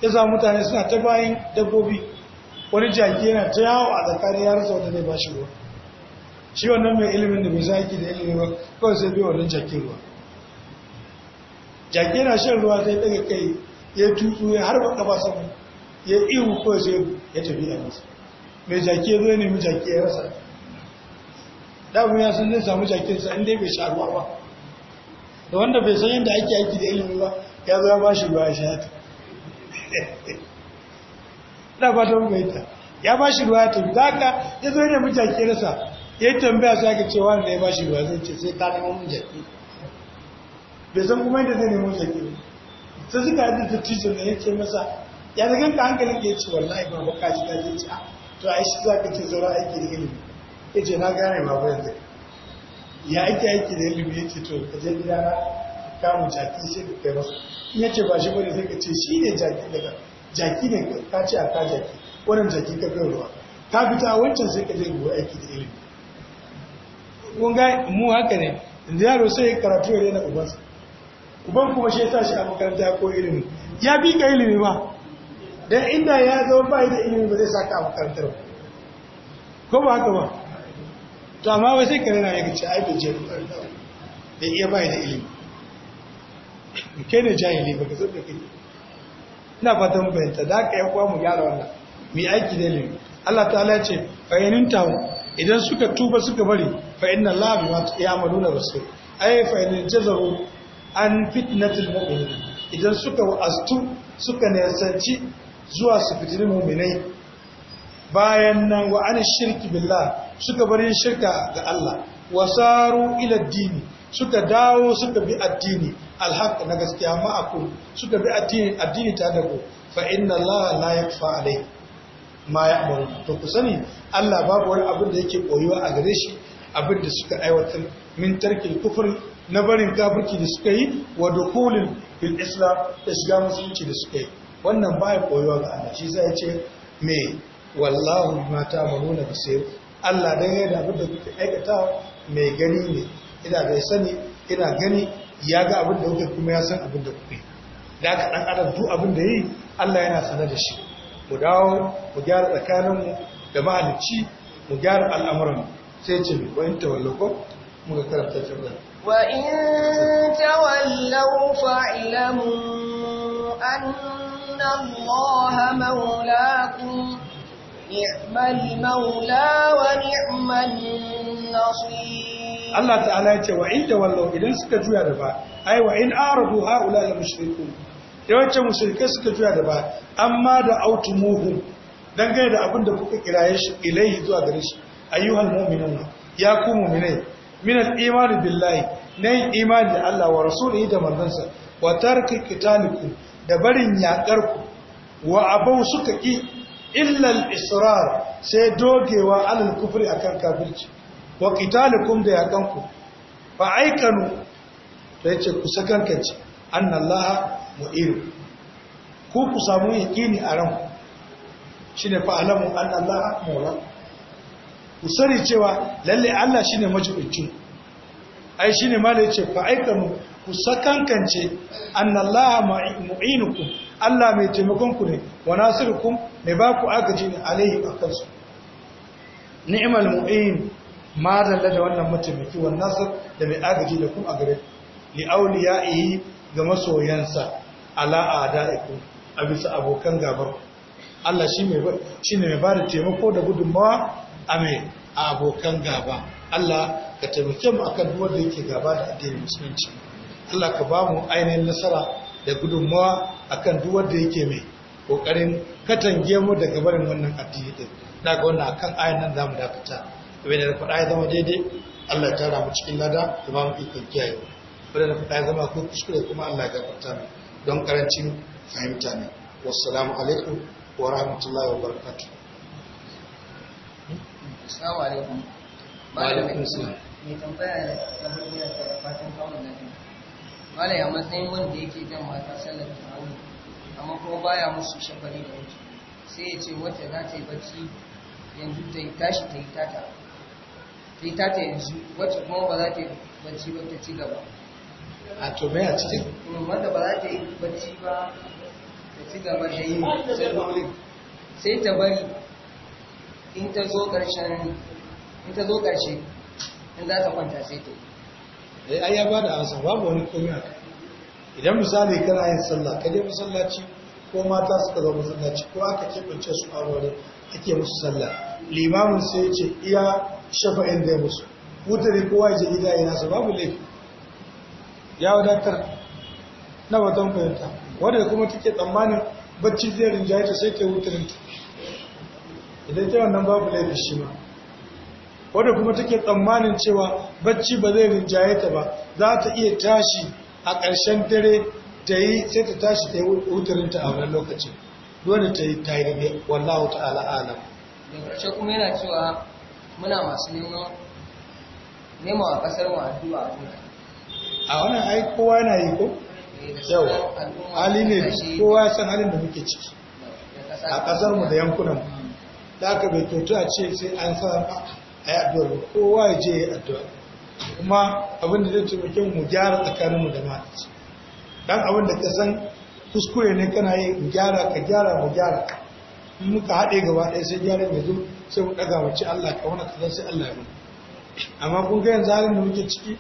ya sa mutane suna ta bayan dabbobi wani jaki yana ta yawo a tsakanin yaro sau da zai ba shi ruwa shi wannan mai ilimin da bai sa yake da ilimin ba kawai sai bai wannan jaki ruwa jaki yana shan ruwa sai daga kai ya tutu ya harba kafa sama ya ihu kawai sai ya tafi a masa mai jaki ya zo ya nemi jaki ya rasa dama ya san zai samu jakinsa inda bai sha ruwa ba da wanda bai san yadda ake aiki da ilimi ba ya zama ba shi ruwa ya sha ta na ba ta ya ba shi ruwa ya ta da haka ya zo da mujakinsa ya yi tambaya sai aka cewa da ya ba shi ruwa zai ce sai ta nemo mun jaki bai san kuma yadda zai nemo jaki ba sai suka yi da tijin da ya ce masa ya zagan ka hankalin ya ce wallahi ba baka ji ta ce ah, to a shi za ka ce zara aiki da ilimin ya ce na gane babu yanzu ya ake aiki da ilimi ya ce to ka je gida na kamun jaki sai ka kai masu ya ce ba shi bane sai ka ce shi ne jaki daga jaki ne ka ce a ka jaki wannan jaki ka kai ruwa ka fita wancan sai ka je gobe aiki da ilimi kun ga mu haka ne yanzu yaro sai ya karatu ya rena ubansa uban kuma shi ya sa shi a makaranta ya koyi ilimi ya bi ka ilimi ba dan inda ya zama ba da ilimi ba zai saka a makarantar ba ko ba haka ba to amma ba sai kare na ya gace ai bai je da iya bai da ilimi kai ne jahili ba ka san da kai ina fatan mu fahimta da aka yi kwa mu gyara wannan mu yi aiki da ilimi Allah ta'ala ya ce fayyinin tawo idan suka tuba suka bari fa inna Allah bima ya'maluna basir ai fa in jazaru an fitnatul mu'minin idan suka wa'astu suka nisanci zuwa su fitinin mu'minai bayan nan wa an shirki billah suka bar shirka ga Allah wasaru ila dini suka dawo suka bi addini alhaq na gaskiya ma'akum suka bi addini addini ta dago fa inna Allah la yakfa alai ma ya'maru to ku sani Allah babu wani abin da yake koyuwa a gare shi abin da suka aiwatar min tarkil kufr na barin kafirci da suka yi wa dukulin fil islam da shiga musulunci da suka yi wannan baya koyuwa ga Allah shi sai ya ce me wallahu ma ta'maluna basir Allah dan ya damu da kuke mai gani ne ina bai sani ina gani ya ga abin da kuke kuma ya san abin da kuke da ka dan adam duk abin da yi Allah yana sanar da shi mu dawo mu gyara tsakaninmu da ma'alici, mu gyara al'amuran sai ce mu wayin tawallako muka karanta cewa wa in tawallaw fa'ilamu anna Allah mawlakum Allah نعم المولى ونعم النصير الله idan suka juya da إذن سكتوا يدبا أي وإن ya هؤلاء المشركون yawancin mushrike suka juya da ba amma da autu muhu dangane da abin da kuka kiraye shi ilaihi zuwa gare shi ayyuhal mu'minuna ya ku mu'minai min al-imani billahi na yin imani da Allah wa rasulihi da manzansa wa tarki qitalikum da barin yakar wa abau suka ki illal israr sai dogewa alal kufri akan kafirci wa qitalukum da yakanku fa aikanu sai yace ku sakankace annallaha mu'iru ku ku samu yaqini a ranku shine fa alamu annallaha mawla ku sani cewa lalle Allah shine majibincin ai shine malai ce yace fa aikanu ku sakankance annallaha mu'inukum Allah mai taimakon ku ne wa nasirukum mai ba ku agaji ne alaihi a kansu ni'mal mu'in ma dalla da wannan mataimaki wa nasir da mai agaji da kuma ya li awliyaihi ga masoyansa ala a'da'iku a bisa abokan gabar Allah shi ne mai bada taimako da gudunmawa a mai abokan gaba Allah ka taimake mu akan duk da yake gaba da addinin musulunci Allah ka ba mu ainihin nasara da gudunmawa akan duwar da yake mai ƙoƙarin katange mu daga barin wannan addini na ga wannan akan ayan nan zamu dakata abin da na faɗa ya zama daidai Allah ya tara mu cikin lada da ba mu ikon kiyaye abin da faɗa ya zama ko kuskure kuma Allah ya gafarta mu don karancin fahimta ne wassalamu alaikum wa rahmatullahi wa barakatuh assalamu alaikum wa alaikum tambaya da fatan kawo mala ya matsayin wanda yake jan mata sallar tarawih amma kuma baya musu shafari da wuce sai ya ce wata za ta yi bacci yanzu ta yi tashi ta yi tata ta yi tata yanzu wata kuma ba za ta yi bacci ba ta ci gaba a to mai a cikin mm, wanda ba za ta yi bacci ba ta ci gaba da yi sai ta bari in ta zo ƙarshen in ta zo ƙarshe in za ta kwanta sai ta yi eh ai ya bada amsa babu wani komai aka idan misali kana yin sallah ka je masallaci ko mata suka zo masallaci ko aka kebance su a wani ake musu sallah limamu sai ya ce iya shafa'in da ya musu mutane kowa ya je gida yana sa babu laifi ya wadatar na wadon fahimta wadda kuma take tsammanin bacci zai rinjaye ta sai ta yi ta idan ta yi wannan babu laifi shi ma wadda kuma take tsammanin cewa bacci ba zai rinjaye ta ba za ta iya tashi a ƙarshen dare ta yi sai ta tashi ta yi wutarinta a wannan lokacin dole ta yi ta yi wallahu ta'ala alam da kuma yana cewa muna masu neman nema a ƙasar mu addu'a a wannan ai kowa yana yi ko eh, yawa hali ne kowa ya san halin da muke ciki a ƙasar mu da yankunan mu da aka bai kyautu a ce sai an sa a yi addu'ar kowa ya je ya yi addu'ar kuma abin da zai taimake mu gyara tsakaninmu da mataci don abin da ka san kuskure ne kana yi mu gyara ka gyara mu gyara in muka haɗe gaba ɗaya sai gyara mai zo sai mu ɗaga wace Allah ka wani kasar sai Allah ya mun amma kun ga yanzu halin da muke ciki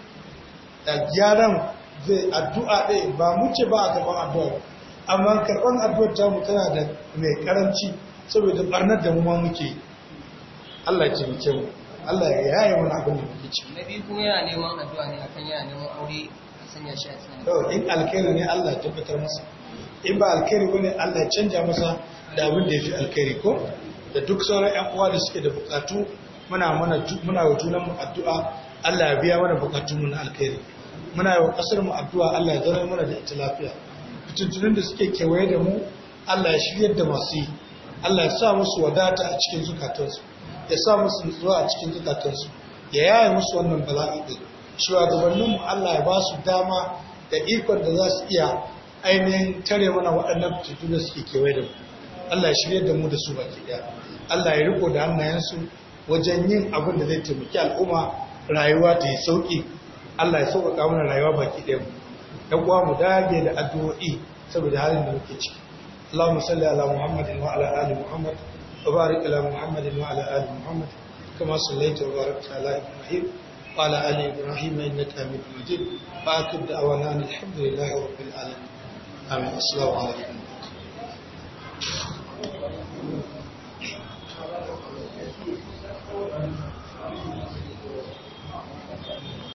da gyaran zai addu'a ɗaya ba mu ce ba a gaban addu'a amma karɓar addu'ar ta mu tana da mai karanci saboda ɓarnar da mu ma muke Allah ya ce mu Allah ya yaye wani abin da muke ci na biyu kuma yana neman addu'a ne akan yana neman aure a sanya shi a cikin to in alkhairi ne Allah ya tabbatar masa in ba alkhairi bane Allah ya canja masa da abin da yafi alkhairi ko da duk sauran ƴan uwa da suke da bukatu muna mana muna wa junan mu addu'a Allah ya biya mana bukatun mu na alkhairi muna yi wa kasar mu addu'a Allah ya zama mana da ita lafiya fitintunan da suke kewaye da mu Allah ya shiryar da masu yi Allah ya sa musu wadata a cikin zukatansu ya sa musu nutsuwa a cikin zukatansu ya yaya musu wannan bala'i din shugabannin mu Allah ya ba su dama da ikon da za su iya ainihin tare mana waɗannan fitattu da suke kewaye da mu Allah ya shirye da mu da su baki ɗaya. Allah ya riko da hannayensu wajen yin abin da zai taimaki al'umma rayuwa ta yi sauki Allah ya sauƙaƙa mana rayuwa baki ɗaya mu kuwa mu dage da addu'o'i saboda halin da muke ciki اللهم صل على محمد وعلى آل محمد وبارك على محمد وعلى آل محمد كما صليت وباركت على إبراهيم وعلى آل إبراهيم إنك حميد مجيد وآخر دعوانا الحمد لله رب العالمين آمين السلام عليكم